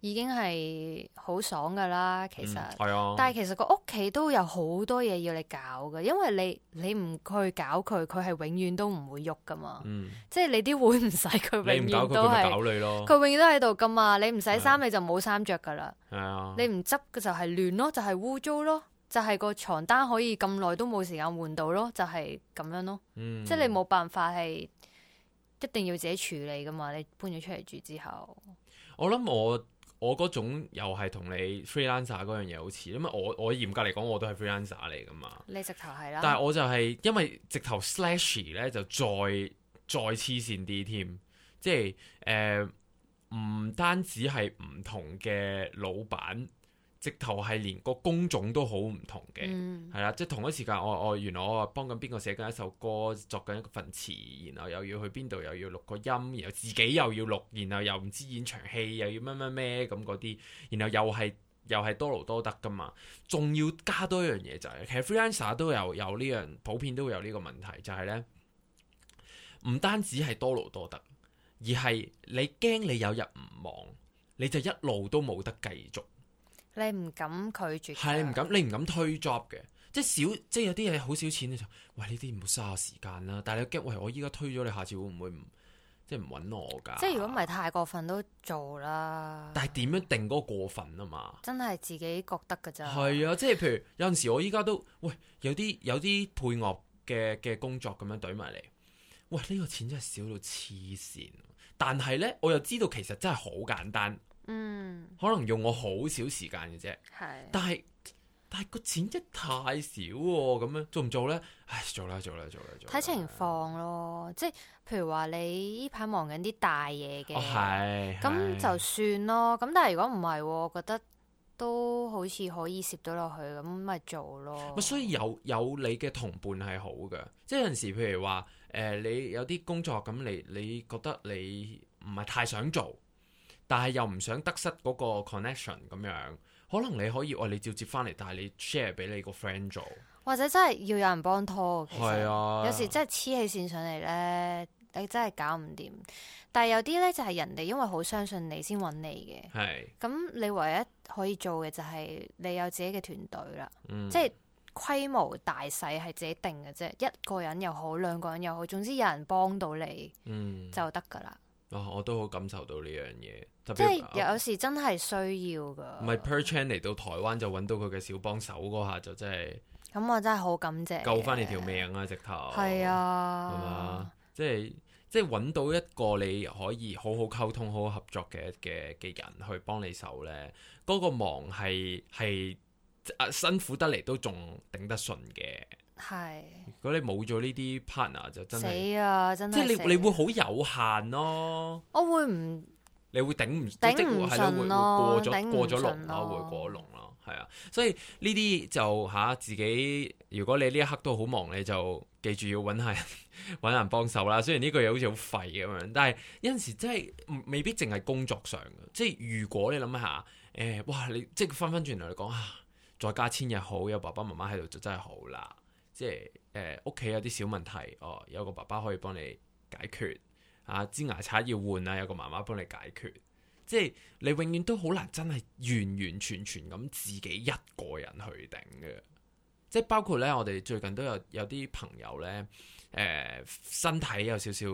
已經係好爽噶啦，其實，係、嗯、啊。但係其實個屋企都有好多嘢要你搞噶，因為你你唔去搞佢，佢係永遠都唔會喐噶嘛。嗯、即係你啲碗唔使，佢永遠都係搞，搞你咯。佢永遠都喺度噶嘛，你唔洗衫你就冇衫着噶啦。的你唔執嘅就係亂咯，就係污糟咯，就係、是、個床單可以咁耐都冇時間換到咯，就係、是、咁樣咯。嗯、即係你冇辦法係一定要自己處理噶嘛。你搬咗出嚟住之後，嗯、我諗我。我嗰種又係同你 freelancer 嗰樣嘢好似，因為我我嚴格嚟講我都係 freelancer 嚟㗎嘛，你直頭係啦。但係我就係、是、因為直頭 slashy 咧就再再黐線啲添，即係誒唔單止係唔同嘅老闆。直頭係連個工種都好唔同嘅。係啦、嗯，即係同一時間，我我原來我幫緊邊個寫緊一首歌，作緊一份詞，然後又要去邊度，又要錄個音，然後自己又要錄，然後又唔知演場戲，又要咩咩咩咁嗰啲，然後又係又係多勞多得噶嘛，仲要加多一樣嘢就係，其實 freelancer 都有有呢樣，普遍都會有呢個問題，就係呢：唔單止係多勞多得，而係你驚你有日唔忙，你就一路都冇得繼續。你唔敢拒絕，係你唔敢，你唔敢推 job 嘅，即係少，即係有啲嘢好少錢你就，喂呢啲唔好嘥下時間啦。但係你又驚，喂我依家推咗你，下次會唔會唔即係唔揾我噶？即係如果唔係太過分都做啦。但係點樣定嗰個過分啊嘛，真係自己覺得嘅啫。係啊，即係譬如有陣時我依家都，喂有啲有啲配樂嘅嘅工作咁樣攤埋嚟，喂呢個錢真係少到黐線，但係咧我又知道其實真係好簡單。嗯，可能用我好少時間嘅啫，係的，但係但係個錢真太少喎，咁樣做唔做咧？唉，做啦，做啦，做啦，做。睇情況咯，即係譬如話你呢排忙緊啲大嘢嘅，係、哦，咁就算咯。咁的但係如果唔係，我覺得都好似可以攝到落去，咁咪做咯。所以有有你嘅同伴係好嘅，即係有陣時譬如話，誒、呃，你有啲工作咁，你你覺得你唔係太想做。但係又唔想得失嗰個 connection 咁樣，可能你可以我、哦、你照接翻嚟，但係你 share 俾你個 friend 做，或者真係要有人幫拖。其實係啊，有時真係黐起線上嚟咧，你真係搞唔掂。但係有啲咧就係人哋因為好相信你先揾你嘅，係咁是你唯一可以做嘅就係你有自己嘅團隊啦，嗯、即係規模大細係自己定嘅啫。一個人又好，兩個人又好，總之有人幫到你，嗯，就得噶啦。哦，我都好感受到呢樣嘢。即係是、啊、有時真係需要噶，唔係 Per Chan 嚟到台灣就揾到佢嘅小幫手嗰下就真係，咁、嗯、我真係好感謝，救翻你條命啊！直頭係啊，係嘛？即係即係揾到一個你可以好好溝通、好好合作嘅嘅嘅人去幫你手呢。嗰、嗰個忙係係、啊、辛苦得嚟都仲頂得順嘅。係是，如果你冇咗呢啲 partner 就真係死啊，真係即係你你會好有限咯，我會唔？你會頂唔頂唔上咯，過咗過咗龍咯，會過龍咯，係啊，所以呢啲就吓、啊、自己，如果你呢一刻都好忙，你就記住要搵下搵人幫手啦。雖然呢句嘢好似好廢咁樣，但係有陣時真係未必淨係工作上嘅。即係如果你諗下，誒、呃，哇，你即係翻翻轉頭嚟講啊，在家千日好，有爸爸媽媽喺度就真係好啦。即係誒，屋、呃、企有啲小問題，哦，有個爸爸可以幫你解決。啊！支牙刷要換啦，有個媽媽幫你解決，即係你永遠都好難真係完完全全咁自己一個人去頂嘅，即係包括呢，我哋最近都有有啲朋友呢，誒、呃、身體有少少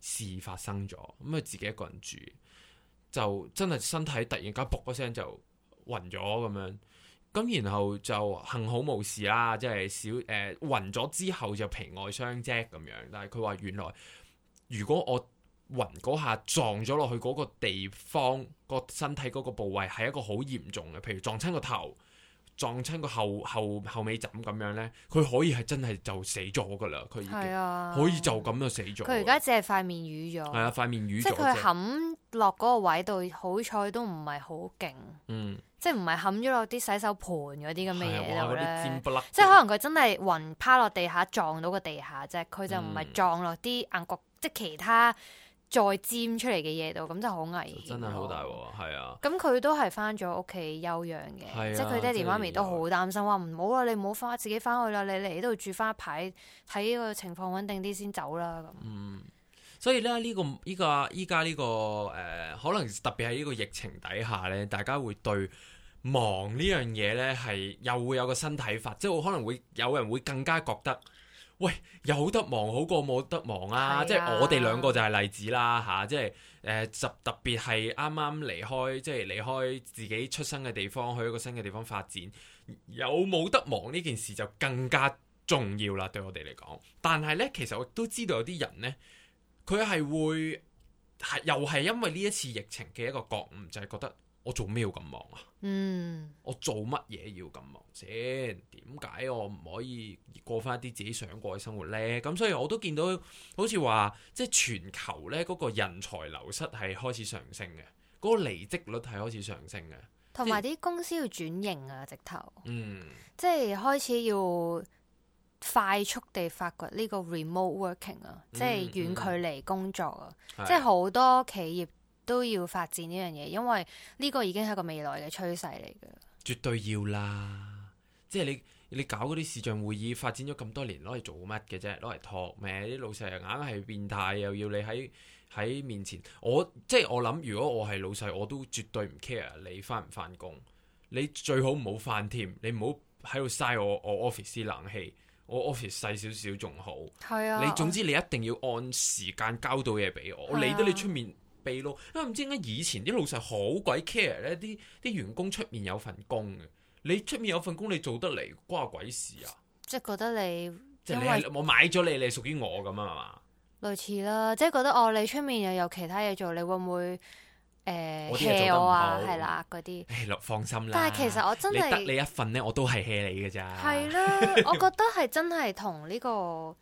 事發生咗，咁佢自己一個人住，就真係身體突然間卜一聲就暈咗咁樣，咁然後就幸好冇事啦，即係少誒暈咗之後就皮外傷啫咁樣，但係佢話原來。如果我暈嗰下撞咗落去嗰個地方，個身體嗰個部位係一個好嚴重嘅，譬如撞親個頭。撞親個後後後尾枕咁樣咧，佢可以係真係就死咗噶啦，佢已經、啊，可以就咁就死咗。佢而家只係塊面瘀咗，係啊，塊面瘀咗。即係佢冚落嗰個位度，好彩都唔係好勁，嗯，即係唔係冚咗落啲洗手盤嗰啲咁嘅嘢咧。啊，尖不甩即係可能佢真係暈趴落地下撞到個地下啫，佢就唔係撞落啲硬角，嗯，即係其他。再尖出嚟嘅嘢度，咁就好危險，真係好大鑊，係啊！咁佢都係翻咗屋企休養嘅，啊、即係佢爹哋媽咪都好擔心，話唔好啊！你唔好翻自己翻去啦，你嚟呢度住翻一排，睇呢個情況穩定啲先走啦咁。嗯，所以咧、這、呢個依、這個依家呢個誒、呃，可能特別係呢個疫情底下咧，大家會對忙呢樣嘢咧係又會有個新睇法，即係可能會有人會更加覺得。喂，有得忙好過冇得忙啊！啊，即係我哋兩個就係例子啦，吓、啊，即係誒、呃，特特別係啱啱離開，即係離開自己出生嘅地方，去一個新嘅地方發展，有冇得忙呢件事就更加重要啦，對我哋嚟講。但係呢，其實我都知道有啲人呢，佢係會係又係因為呢一次疫情嘅一個覺悟，就係、是、覺得。我做咩要咁忙啊？嗯，我做乜嘢要咁忙先、啊？點解我唔可以過翻啲自己想過嘅生活呢？咁所以我都見到好似話，即係全球呢嗰個人才流失係開始上升嘅，嗰、嗰個離職率係開始上升嘅，同埋啲公司要轉型啊，直頭，嗯，即係開始要快速地發掘呢個 remote working 啊，嗯、即係遠距離工作啊，嗯嗯、即係好多企業。都要發展呢樣嘢，因為呢個已經係個未來嘅趨勢嚟嘅。絕對要啦，即係你你搞嗰啲視像會議發展咗咁多年，攞嚟做乜嘅啫？攞嚟託咩？啲老細又硬係變態，又要你喺喺面前。我即係我諗，如果我係老細，我都絕對唔 care 你翻唔翻工。你最好唔好翻添，你唔好喺度嘥我我 office 冷氣，我 office 細少少仲好。係啊，你總之你一定要按時間交到嘢俾我，啊、我理得你出面。秘路，因為唔知點解以前啲老細好鬼 care 咧，啲啲員工出面有份工嘅，你出面有份工你做得嚟關我鬼事啊！即係覺得你即係我買咗你，你屬於我咁啊嘛，類似啦，即係覺得哦，你出面又有其他嘢做，你會唔會誒 care 我啊？係啦，嗰啲，放心啦。但係其實我真係得 你，你一份咧，我都係 care 你嘅咋。係啦，我覺得係真係同呢個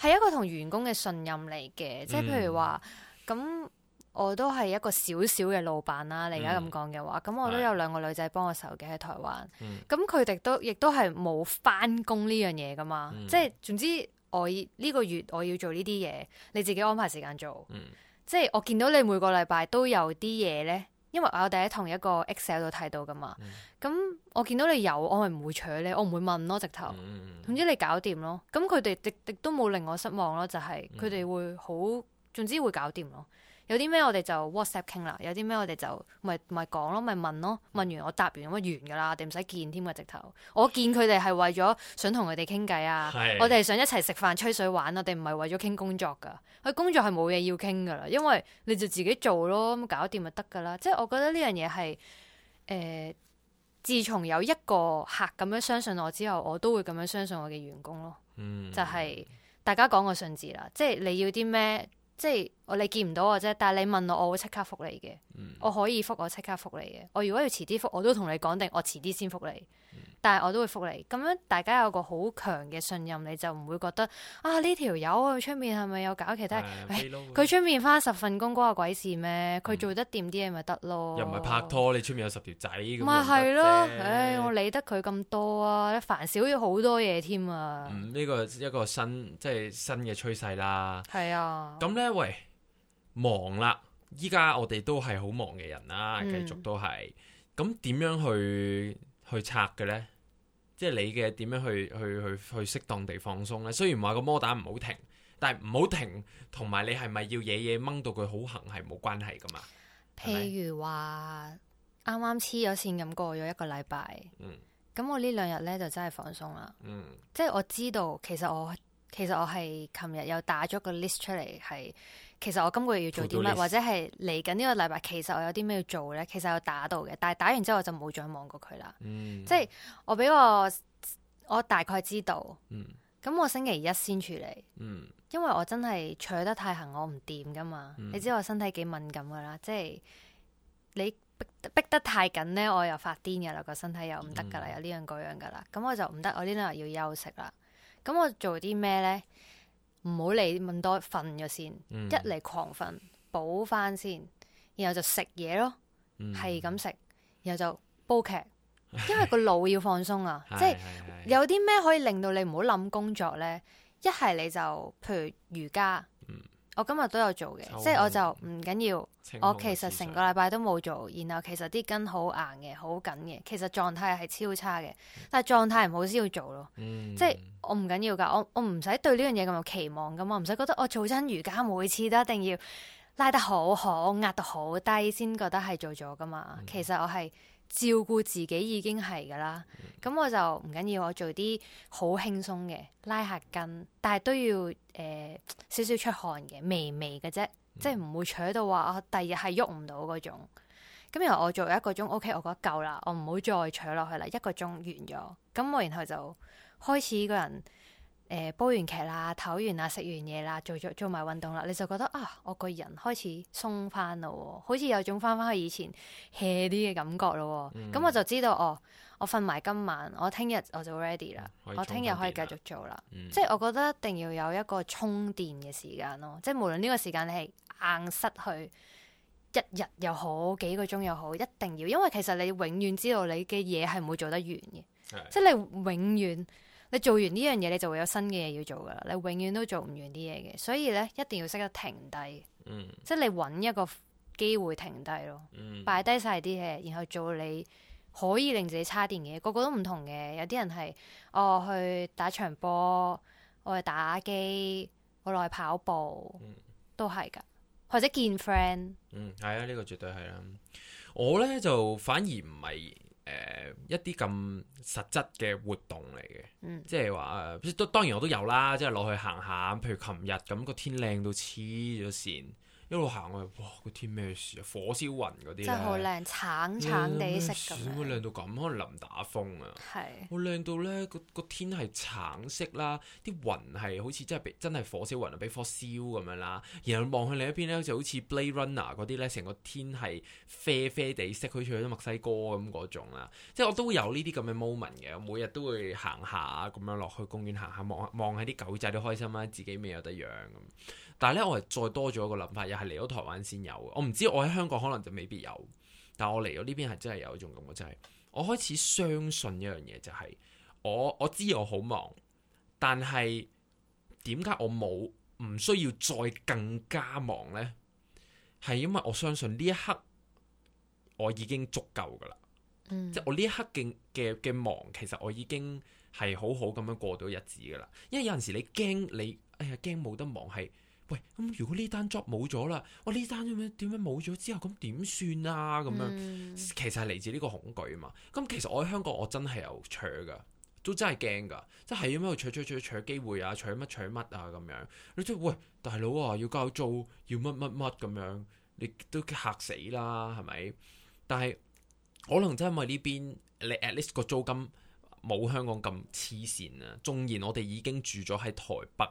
係一個同員工嘅信任嚟嘅，即係譬如話咁。嗯我都係一個小小嘅老闆啦。你而家咁講嘅話，咁、嗯、我都有兩個女仔幫我手嘅喺台灣。咁佢哋都亦都係冇翻工，呢樣嘢噶嘛。嗯、即係總之我呢、這個月我要做呢啲嘢，你自己安排時間做。嗯、即係我見到你每個禮拜都有啲嘢咧，因為我第一同一個 Excel 度睇到噶嘛。咁、嗯嗯、我見到你有，我係唔會取你，我唔會問咯，直頭、嗯、總之你搞掂咯。咁佢哋亦亦都冇令我失望咯，就係佢哋會好總之會搞掂咯。有啲咩我哋就 WhatsApp 傾啦，有啲咩我哋就咪咪講咯，咪問咯，問完我答完咁咪完噶啦，我哋唔使見添噶直頭。我見佢哋係為咗想同佢哋傾偈啊，是我哋係想一齊食飯吹水玩，我哋唔係為咗傾工作噶？佢工作係冇嘢要傾噶啦，因為你就自己做咯，咁搞掂咪得噶啦。即係我覺得呢樣嘢係誒，自從有一個客咁樣相信我之後，我都會咁樣相信我嘅員工咯。嗯，就係、是、大家講個信字啦，即係你要啲咩？即係我你見唔到我啫，但係你問我，我會即刻覆你嘅。嗯、我可以覆我即刻覆你嘅。我如果要遲啲覆，我都同你講定，我遲啲先覆你。但係我都會覆你，咁樣大家有個好強嘅信任，你就唔會覺得啊呢條友去出面係咪有搞其他？佢出面返十份工關我鬼事咩？佢、嗯、做得掂啲嘢咪得咯？又唔係拍拖，你出面有十條仔咁咪係咯？唉、哎，我理得佢咁多，多啊！煩少咗好多嘢添啊！呢、呢個一個新即係新嘅趨勢啦。係啊。咁呢，喂，忙啦！依家我哋都係好忙嘅人啦，嗯、繼續都係。咁點樣去？去拆嘅咧，即係你嘅點樣去去去去適當地放鬆咧。雖然話個摩打唔好停，但係唔好停同埋你係咪要嘢嘢掹到佢好行係冇關係噶嘛？譬如話啱啱黐咗線咁過咗一個禮拜，咁、嗯、我呢兩日咧就真係放鬆啦。嗯、即係我知道其實我其實我係琴日有打咗個 list 出嚟係。其實我今個月要做啲乜，或者係嚟緊呢個禮拜，其實我有啲咩要做呢？其實有打到嘅，但係打完之後我就冇再望過佢啦。嗯、即係我俾我，我大概知道。咁、嗯、我星期一先處理，嗯、因為我真係搶得太行，我唔掂噶嘛。嗯、你知我身體幾敏感噶啦，即係你逼得太緊呢，我又發癲噶啦，個身體又唔得噶啦，嗯、有呢樣嗰樣噶啦。咁我就唔得，我呢兩日要休息啦。咁我做啲咩呢？唔好理咁多，瞓咗先，嗯、一嚟狂瞓補翻先，然後就食嘢咯，係咁食，然後就煲劇，因為個腦要放鬆啊，即係有啲咩可以令到你唔好諗工作呢？一係 你就譬如瑜伽。我今日都有做嘅，手紋 即係我就唔緊要。我其實成個禮拜都冇做，然後其實啲筋好硬嘅，好緊嘅。其實狀態係超差嘅，嗯、但係狀態唔好先要做咯。嗯、即係我唔緊要噶，我我唔使對呢樣嘢咁有期望噶嘛，唔使、嗯、覺得我做真瑜伽每次都一定要拉得好好，壓到好低先覺得係做咗噶嘛。嗯、其實我係。照顧自己已經係噶啦，咁我就唔緊要，我做啲好輕鬆嘅拉下筋，但係都要誒、呃、少少出汗嘅微微嘅啫，即係唔會扯到話我第二日係喐唔到嗰種。咁然後我做一個鐘，OK，我覺得夠啦，我唔好再扯落去啦，一個鐘完咗，咁我然後就開始個人。呃、煲完劇啦，唞完啦，食完嘢啦，做做做埋運動啦，你就覺得啊，我個人開始鬆翻咯、哦，好似有種翻翻去以前 hea 啲嘅感覺咯、哦。咁、嗯、我就知道，哦、我我瞓埋今晚，我聽日我就 ready 啦，我聽日可以繼續做啦。嗯、即係我覺得一定要有一個充電嘅時間咯、哦。即係無論呢個時間你係硬塞去一日又好幾個鐘又好，一定要，因為其實你永遠知道你嘅嘢係唔會做得完嘅。的即係你永遠。你做完呢樣嘢，你就會有新嘅嘢要做噶啦。你永遠都做唔完啲嘢嘅，所以咧一定要識得停低，嗯、即係你揾一個機會停低咯，擺低晒啲嘢，然後做你可以令自己叉電嘅嘢。個個都唔同嘅，有啲人係、哦、我去打場波，我去打機，我落去跑步，嗯、都係噶，或者見 friend。嗯，係啊，呢、呢個絕對係啦。我咧就反而唔係。誒、呃、一啲咁實質嘅活動嚟嘅，即係話都當然我都有啦，即係落去行下，譬如琴日咁個天靚到黐咗線。一路行去，係，哇個天咩事啊？火燒雲嗰啲真係好靚，橙橙地色咁、啊、的樣。點會靚到咁？可能臨打風啊。係的。我靚到咧，個個天係橙色啦，啲雲係好似真係真係火燒雲啊，俾火燒咁樣啦。然後望向另一邊咧，就好似 Blade Runner 嗰啲咧，成個天係啡啡地色，好似去墨西哥咁嗰種啦。即係我都有呢啲咁嘅 moment 嘅，我每日都會行下咁樣落去公園行下，望望下啲狗仔都開心啦，自己咪有得養咁。但係咧，我係再多咗一個諗法，又係嚟咗台灣先有嘅。我唔知我喺香港可能就未必有，但我嚟咗呢邊係真係有一種感覺，就係我開始相信一樣嘢，就是，就係我我知我好忙，但係點解我冇唔需要再更加忙呢？係因為我相信呢一刻我已經足夠噶啦，嗯、即係我呢一刻嘅嘅嘅忙，其實我已經係好好咁樣過到日子噶啦。因為有陣時你驚你，哎呀驚冇得忙係。喂，咁如果呢單 job 冇咗啦，我呢單點樣點樣冇咗之後咁點算啊？咁樣，樣、嗯、其實係嚟自呢個恐懼嘛。咁其實我喺香港我真係有搶㗎，都真係驚㗎，即係要咩搶搶搶搶機會啊，搶乜搶乜啊咁樣。你即喂大佬啊，要交租要乜乜乜咁樣，你都嚇死啦係咪？但係可能真係因為呢邊你 at least 個租金冇香港咁黐線啊。縱然我哋已經住咗喺台北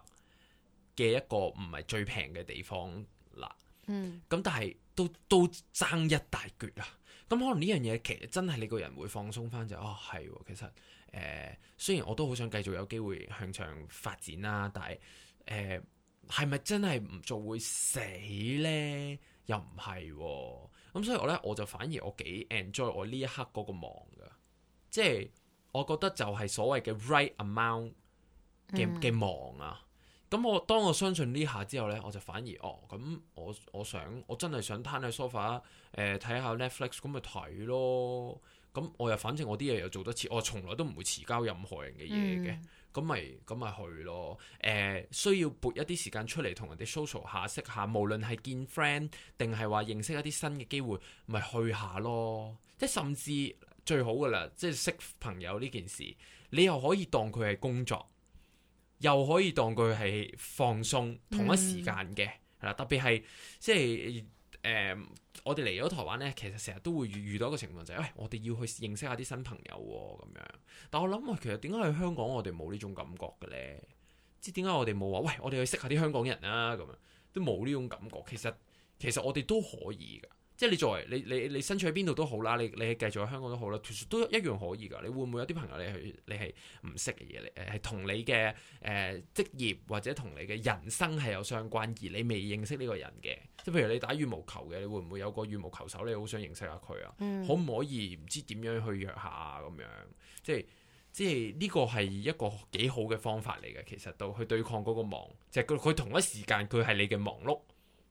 嘅一個唔係最平嘅地方啦，嗯，咁但係都都爭一大橛啊！咁可能呢樣嘢其實真係你個人會放鬆翻就哦，係，其實誒、呃、雖然我都好想繼續有機會向長發展啦，但係誒係咪真係唔做會死呢？又唔係咁，所以我呢，我就反而我幾 enjoy 我呢一刻嗰個忙噶，即係我覺得就係所謂嘅 right amount 嘅嘅、嗯、忙啊！咁我當我相信呢下之後呢，我就反而哦，咁我我想我真係想攤去 sofa 誒睇下、呃、Netflix，咁咪睇咯。咁我又反正我啲嘢又做得切，我、哦、從來都唔會遲交任何人嘅嘢嘅。咁咪咁咪去咯。誒、呃、需要撥一啲時間出嚟同人哋 social 下，識下，無論係見 friend 定係話認識一啲新嘅機會，咪去下咯。即甚至最好㗎喇，即係識朋友呢件事，你又可以當佢係工作。又可以當佢係放鬆同一時間嘅，係啦、嗯。特別係即係誒、呃，我哋嚟咗台灣呢，其實成日都會遇到一個情況就係、是，喂，我哋要去認識下啲新朋友喎、哦、咁樣。但我諗啊，其實點解去香港我哋冇呢種感覺嘅呢？即係點解我哋冇話，喂，我哋去識下啲香港人啊咁樣，都冇呢種感覺。其實其實我哋都可以㗎。即係你作為你你你身處喺邊度都好啦，你你係繼續喺香港都好啦，其實都一樣可以㗎。你會唔會有啲朋友你係你係唔識嘅嘢？誒係同你嘅誒、呃、職業或者同你嘅人生係有相關，而你未認識呢個人嘅，即係譬如你打羽毛球嘅，你會唔會有個羽毛球手你好想認識下佢啊？嗯、可唔可以唔知點樣去約下咁樣？即係即係呢個係一個幾好嘅方法嚟嘅，其實都去對抗嗰個忙，即係佢同一時間佢係你嘅忙碌，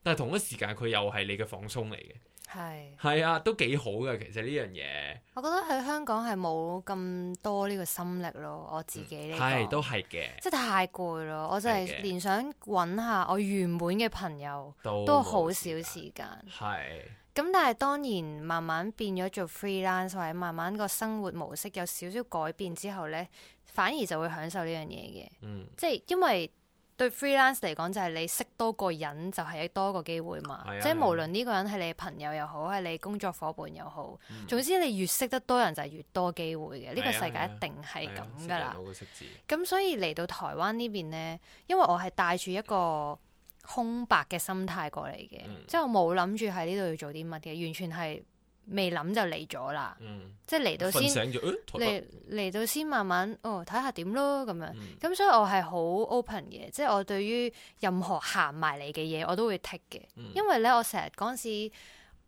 但係同一時間佢又係你嘅放鬆嚟嘅。係，係啊，都幾好嘅。其實呢樣嘢，我覺得喺香港係冇咁多呢個心力咯。我自己呢、這個，係、嗯、都係嘅，即係太攰咯。我就係連想揾下我原本嘅朋友，的都好少時間。係的。咁但係當然，慢慢變咗做 freelance，或者慢慢個生活模式有少少改變之後咧，反而就會享受呢樣嘢嘅。嗯，即係因為。對 freelance 嚟講，就係你識多個人就係多個機會嘛。啊、即係無論呢個人係你朋友又好，係你工作伙伴又好，嗯、總之你越識得多人就係越多機會嘅。呢、啊、個世界一定係咁噶啦。咁、啊啊、所以嚟到台灣呢邊呢，因為我係帶住一個空白嘅心態過嚟嘅，嗯、即係我冇諗住喺呢度要做啲乜嘢，完全係。未諗就嚟咗啦，嗯、即係嚟到先嚟嚟到先慢慢哦，睇下點咯咁、嗯、樣。咁所以我係好 open 嘅，即係我對於任何行埋嚟嘅嘢我都會 take 嘅。嗯、因為咧，我成日嗰陣時、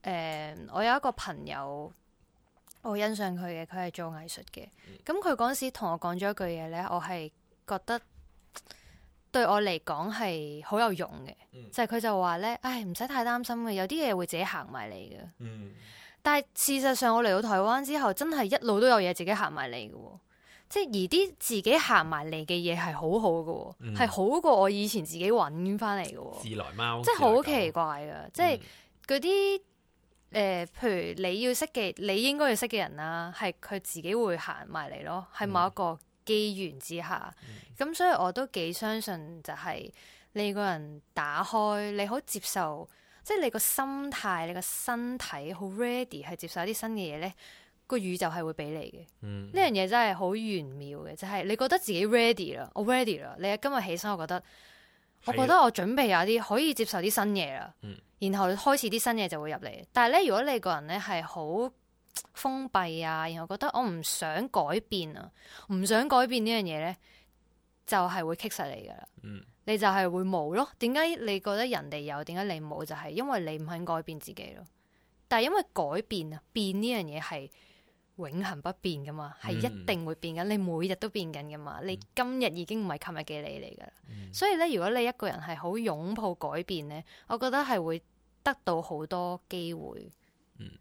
呃、我有一個朋友，我欣賞佢嘅，佢係做藝術嘅。咁佢嗰陣時同我講咗一句嘢咧，我係覺得對我嚟講係好有用嘅。嗯、就係佢就話咧，唉，唔使太擔心嘅，有啲嘢會自己行埋嚟嘅。嗯嗯但係事實上，我嚟到台灣之後，真係一路都有嘢自己行埋嚟嘅，即係而啲自己行埋嚟嘅嘢係好好嘅、哦，係、嗯、好過我以前自己揾翻嚟嘅。自來貓，即係好奇怪啊！即係嗰啲誒，譬如你要識嘅，你應該要識嘅人啦、啊，係佢自己會行埋嚟咯，係、嗯、某一個機緣之下，咁、嗯、所以我都幾相信就係你個人打開，你好接受。即係你個心態，你個身體好 ready，係接受一啲新嘅嘢咧，個宇宙係會俾你嘅。嗯，呢樣嘢真係好玄妙嘅，就係你覺得自己 ready 啦，我 ready 啦，你今日起身，我覺得，我覺得我準備下啲，可以接受啲新嘢啦。嗯，然後開始啲新嘢就會入嚟。但係咧，如果你個人咧係好封閉啊，然後覺得我唔想改變啊，唔想改變呢樣嘢咧，就係會棘實你噶啦。嗯你就係會冇咯。點解你覺得人哋有？點解你冇？就係、是、因為你唔肯改變自己咯。但係因為改變啊，變呢樣嘢係永恆不變噶嘛，係、嗯、一定會變緊，你每日都變緊噶嘛。嗯、你今日已經唔係琴日嘅你嚟噶啦。嗯、所以咧，如果你一個人係好擁抱改變咧，我覺得係會得到好多機會。嗯，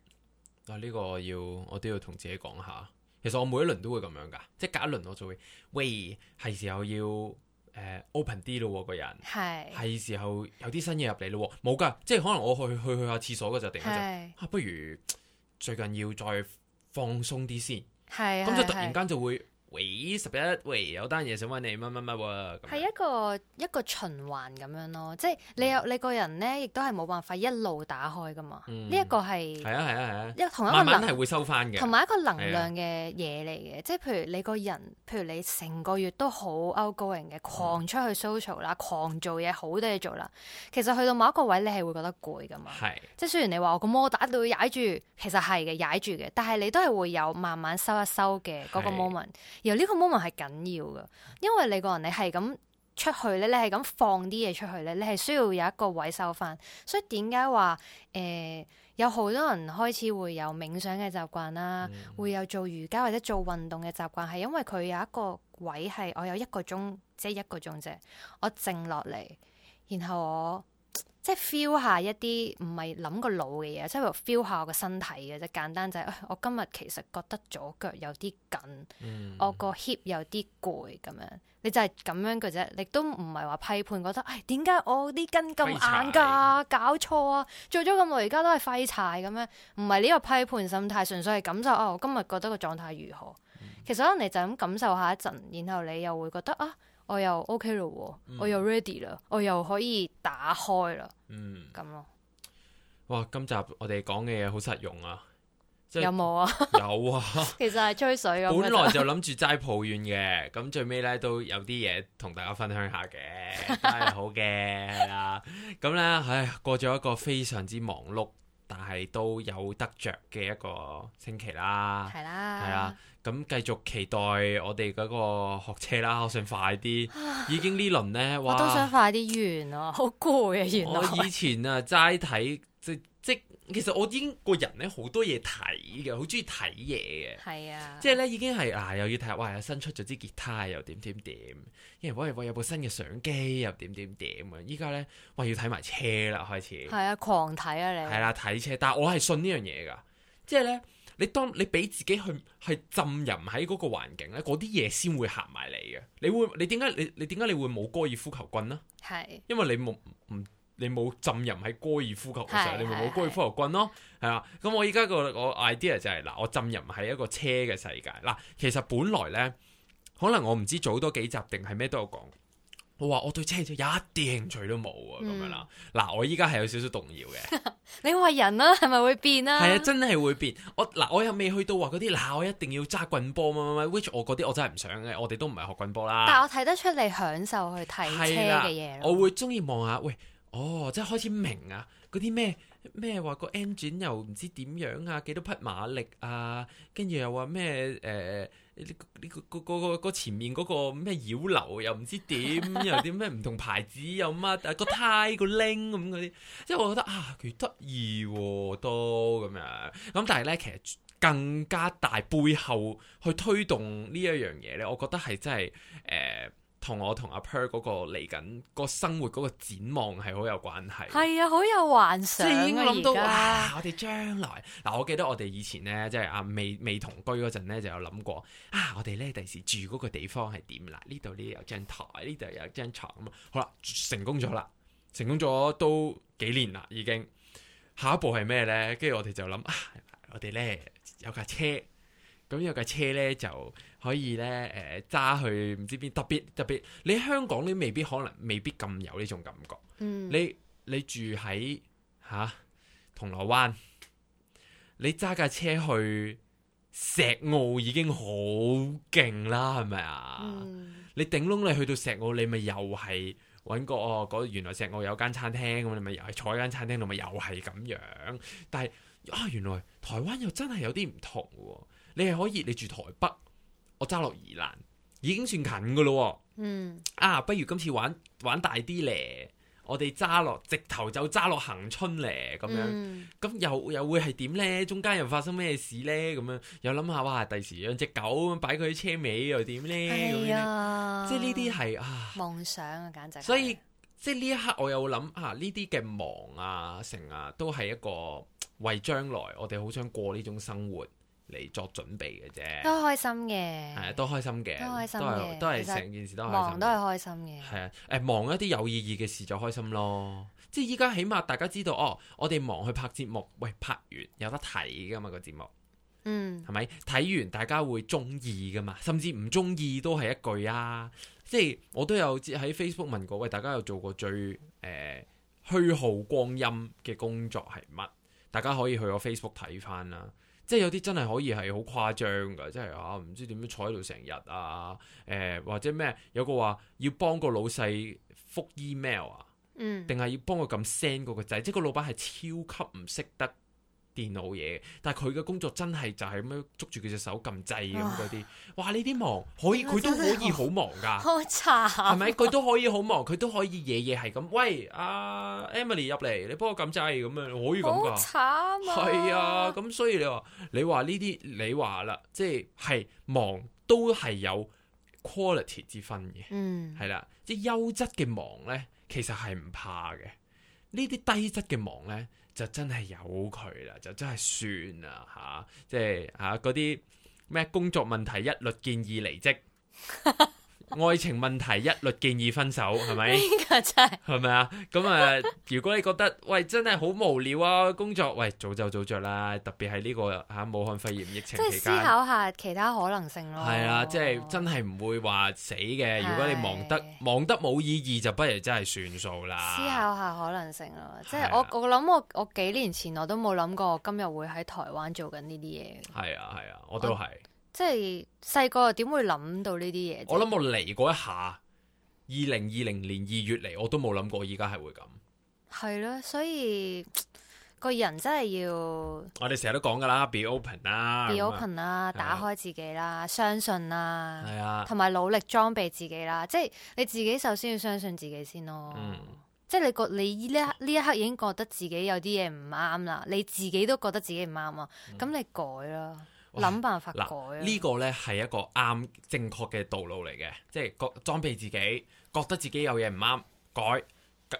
嗱呢個要我都要同自己講下。其實我每一輪都會咁樣噶，即係隔一輪我就會喂，係時候要。誒、uh, open 啲咯，個人係係時候有啲新嘢入嚟咯，冇㗎，即係可能我去去去,去下廁所嘅就，定係就啊，不如最近要再放鬆啲先，係咁就突然間就會。喂，十一，喂，有單嘢想問你，乜乜乜喎？係一個一個循環咁樣咯，即係你有你個人咧，亦都係冇辦法一路打開噶嘛。呢一個係係啊係啊係啊，一同一個慢慢係會收翻嘅，同埋一個能量嘅嘢嚟嘅。即係譬如你個人，譬如你成個月都好 outgoing 嘅，狂出去 social 啦，狂做嘢，好多嘢做啦。其實去到某一個位，你係會覺得攰噶嘛。係，即係雖然你話我個摩打到要踩住，其實係嘅，踩住嘅，但係你都係會有慢慢收一收嘅嗰個 moment。而呢個 moment 係緊要嘅，因為你個人你係咁出去咧，你係咁放啲嘢出去咧，你係需要有一個位收翻。所以點解話誒有好多人開始會有冥想嘅習慣啦，嗯、會有做瑜伽或者做運動嘅習慣，係因為佢有一個位係我有一個鐘，即係一個鐘啫，我靜落嚟，然後我。即係 feel 一下一啲唔係諗個腦嘅嘢，即係譬如 feel 下我個身體嘅，即係簡單就係、是哎，我今日其實覺得左腳有啲緊，嗯、我個 hip 有啲攰咁樣，你就係咁樣嘅啫，你都唔係話批判覺得，唉、哎，點解我啲筋咁硬噶、啊，搞錯啊，做咗咁耐而家都係廢柴嘅咩？唔係呢個批判心態，純粹係感受啊，我今日覺得個狀態如何，嗯、其實可能你就咁感受一下一陣，然後你又會覺得啊。我又 OK 咯、啊，嗯、我又 ready 啦，我又可以打開啦，咁咯、嗯。啊、哇，今集我哋講嘅嘢好實用啊！有冇啊？有啊！有啊 其實係吹水啊！本來就諗住齋抱怨嘅，咁 最尾咧都有啲嘢同大家分享下嘅，都係好嘅 啦。咁咧，唉，過咗一個非常之忙碌，但係都有得着嘅一個星期啦，係 啦，係啊。咁繼續期待我哋嗰個學車啦，我想快啲。已經輪呢輪咧，我都想快啲完咯、哦，好攰啊，原來。我以前啊，齋睇即即，其實我是、啊、已經個人咧好多嘢睇嘅，好中意睇嘢嘅。係啊，即係咧已經係啊，又要睇，哇，又新出咗啲吉他又點點點，因為喂喂，有部新嘅相機又點點點。依家咧，哇，要睇埋車啦，開始。係啊，狂睇啊，啊，你。係啦，睇車，但係我係信呢樣嘢噶，即係咧。你當你俾自己去係浸淫喺嗰個環境咧，嗰啲嘢先會行埋嚟嘅。你會你點解你你點解你會冇高爾夫球棍呢？係是因為你冇唔你冇浸淫喺高爾夫球嘅時候，是你咪冇高爾夫球棍咯，係啊是。咁我而家個我 idea 就係、是、嗱，我浸淫喺一個車嘅世界嗱。其實本來呢，可能我唔知早多幾集定係咩都有講。我話我對車就有,、嗯、有一啲興趣都冇啊，咁樣啦。嗱，我依家係有少少動搖嘅。你話人啦，係咪會變啦、啊？係啊，真係會變。我嗱，我又未去到話嗰啲，嗱，我一定要揸棍波嘛嘛嘛，which 我嗰啲我真係唔想嘅，我哋都唔係學棍波啦。但我睇得出你享受去睇車嘅嘢、啊、我會中意望下，喂，哦，即係開始明啊，嗰啲咩？咩話個 engine 又唔知點樣啊？幾多匹馬力啊？跟住又話咩？誒、呃，呢個呢個，個，個，個前面嗰個咩擾流又唔知點？ 又啲咩唔同牌子又乜？個胎個 link 咁嗰啲，即係、就是、我覺得啊，佢得意都咁樣。咁但係咧，其實更加大背後去推動呢一樣嘢咧，我覺得係真係誒。呃同我同阿 Per 嗰個嚟緊個生活嗰個展望係好有關係，係啊，好有幻想啊！諗到家我哋將來嗱、啊，我記得我哋以前咧，即係阿未未同居嗰陣咧，就有諗過啊，我哋咧第時住嗰個地方係點啦？呢度呢有張台，呢度有，有張床。」啊嘛。好啦，成功咗啦，成功咗都幾年啦，已經下一步係咩咧？跟住我哋就諗啊，我哋咧有架車，咁有架車咧就。可以咧，誒、呃、揸去唔知邊，特別特別，你香港咧未必可能未必咁有呢種感覺。嗯、你你住喺嚇銅鑼灣，你揸架車去石澳已經好勁啦，係咪啊？嗯、你頂籠你去到石澳，你咪又係揾個嗰原來石澳有間餐廳咁，你咪又係坐喺間餐廳同咪又係咁樣。但係啊，原來台灣又真係有啲唔同，啊。你係可以，你住台北。我揸落宜蘭已經算近噶咯，嗯啊，不如今次玩玩大啲咧，我哋揸落直頭就揸落恒春咧，咁樣咁、嗯、又又會係點咧？中間又發生咩事咧？咁樣又諗下哇，第時養隻狗咁，擺佢喺車尾又點咧？咁、哎、呀樣即係呢啲係啊，夢想啊，簡直。所以即係呢一刻，我又諗啊，呢啲嘅忙啊成啊，都係一個為將來，我哋好想過呢種生活。嚟作準備嘅啫，都開心嘅，係啊，都開心嘅，都開心，都係成件事都忙，都係開心嘅，係、呃、啊，誒忙一啲有意義嘅事就開心咯，即係依家起碼大家知道哦，我哋忙去拍節目，喂，拍完有得睇噶嘛個節目，嗯，係咪睇完大家會中意噶嘛，甚至唔中意都係一句啊，即係我都有喺 Facebook 問過，喂，大家有做過最誒、呃、虛耗光陰嘅工作係乜？大家可以去我 Facebook 睇翻啦。即係有啲真係可以係好誇張㗎，即係啊，唔知點樣坐喺度成日啊，誒、呃、或者咩有個話要幫個老細覆 email 啊，嗯，定係要幫佢咁 send 個個仔，即係個老闆係超級唔識得電腦嘢，但係佢嘅工作真係就係咁樣捉住佢隻手撳掣咁嗰啲，哇，哇！呢啲忙可以，佢都可以忙好忙慘噶、啊，好慘，係咪？佢都可以好忙，佢都可以夜夜係咁。喂，阿、啊、Emily 入嚟，你幫我撳掣咁樣，可以咁噶？好慘，係啊！咁所以你話，你話呢啲，你話啦，即係係忙都係有 quality 之分嘅，嗯，係啦，即係優質嘅忙咧，其實係唔怕嘅，質呢啲低質嘅忙咧。就真係有佢啦，就真係算啦，吓、啊，即係吓嗰啲咩工作問題一律建議離職。 愛情問題一律建議分手，係咪 吧？邊個真係？係咪啊？咁、呃、啊， 如果你覺得喂真係好無聊啊，工作喂早就早着啦，特別係呢個吓武漢肺炎疫情期間，即係思考下其他可能性咯。係啊，即、就、係、是、真係唔會話死嘅。如果你忙得是忙得冇意義，就不如真係算數啦。思考下可能性咯，即、就、係、是、我、啊、我諗我我幾年前我都冇諗過今，我今日會喺台灣做緊呢啲嘢。係啊係啊，我都係。即係細個點會諗到呢啲嘢？我諗我嚟過一下，二零二零年二月嚟，我都冇諗過依家係會咁。係咯，所以個人真係要我哋成日都講㗎啦，be open 啦，be open 啦，打開自己啦，相信啦，係啊的，同埋努力裝備自己啦。即係你自己首先要相信自己先咯。嗯，即係你覺你呢呢一刻已經覺得自己有啲嘢唔啱啦，你自己都覺得自己唔啱啊，咁、嗯、你改咯。諗哇辦法改，呢個呢係一個啱正確嘅道路嚟嘅，即係覺裝備自己，覺得自己有嘢唔啱改，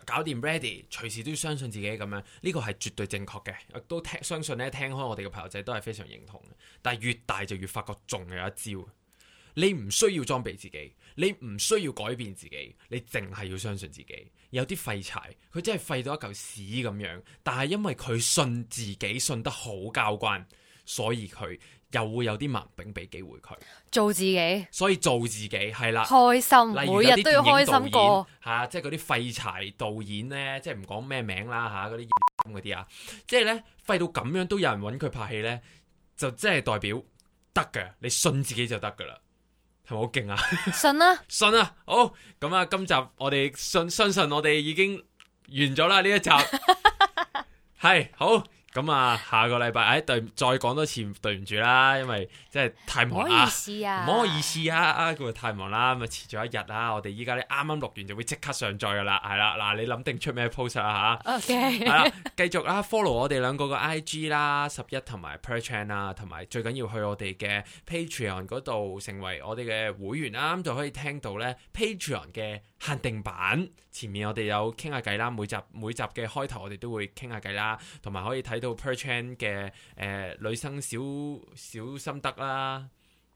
搞掂 ready，隨時都要相信自己咁樣，呢個係絕對正確嘅，都聽相信咧，聽開我哋嘅朋友仔都係非常認同。但係越大就越發覺仲有一招，你唔需要裝備自己，你唔需要改變自己，你淨係要相信自己。有啲廢柴，佢真係廢到一嚿屎咁樣，但係因為佢信自己信得好交關，所以佢。又會有啲文，並俾機會佢做自己，所以做自己係啦，開心，每日都要開心過。吓、啊，即係嗰啲廢柴導演咧，即係唔講咩名啦吓，嗰啲嗰啲啊，X X 即係咧廢到咁樣都有人揾佢拍戲咧，就即係代表得噶，你信自己就得噶啦，係咪好勁啊？ 信啦、啊，信啦、啊，好咁啊！今集我哋信相信我哋已經完咗啦，呢一集係 好。咁啊，下個禮拜誒，對，再講多次對唔住啦，因為真係太忙啦，唔好意思啊，啊，咁、啊、太忙、嗯遲啊、剛剛上上啦，咁啊遲咗一日啦，我哋依家咧啱啱錄完就會即刻上載噶啦，係啦，嗱，你諗定出咩 post 啊吓？OK，係啦，繼續啦，follow 我哋兩個嘅 IG 啦，拾壹同埋 Per Chan 啊，同埋最緊要去我哋嘅 Patreon 嗰度成為我哋嘅會員啦、啊，咁就可以聽到咧 Patreon 嘅。限定版前面我哋有傾下偈啦，每集每集嘅開頭我哋都會傾下偈啦，同埋可以睇到 Per Chan 嘅誒女生少少心得啦，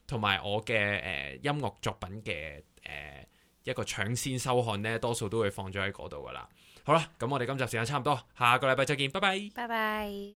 同埋我嘅誒、呃、音樂作品嘅誒、呃、一個搶先收看呢，多數都會放咗喺嗰度噶啦。好啦，咁我哋今集時間差唔多，下個禮拜再見，拜拜，拜拜。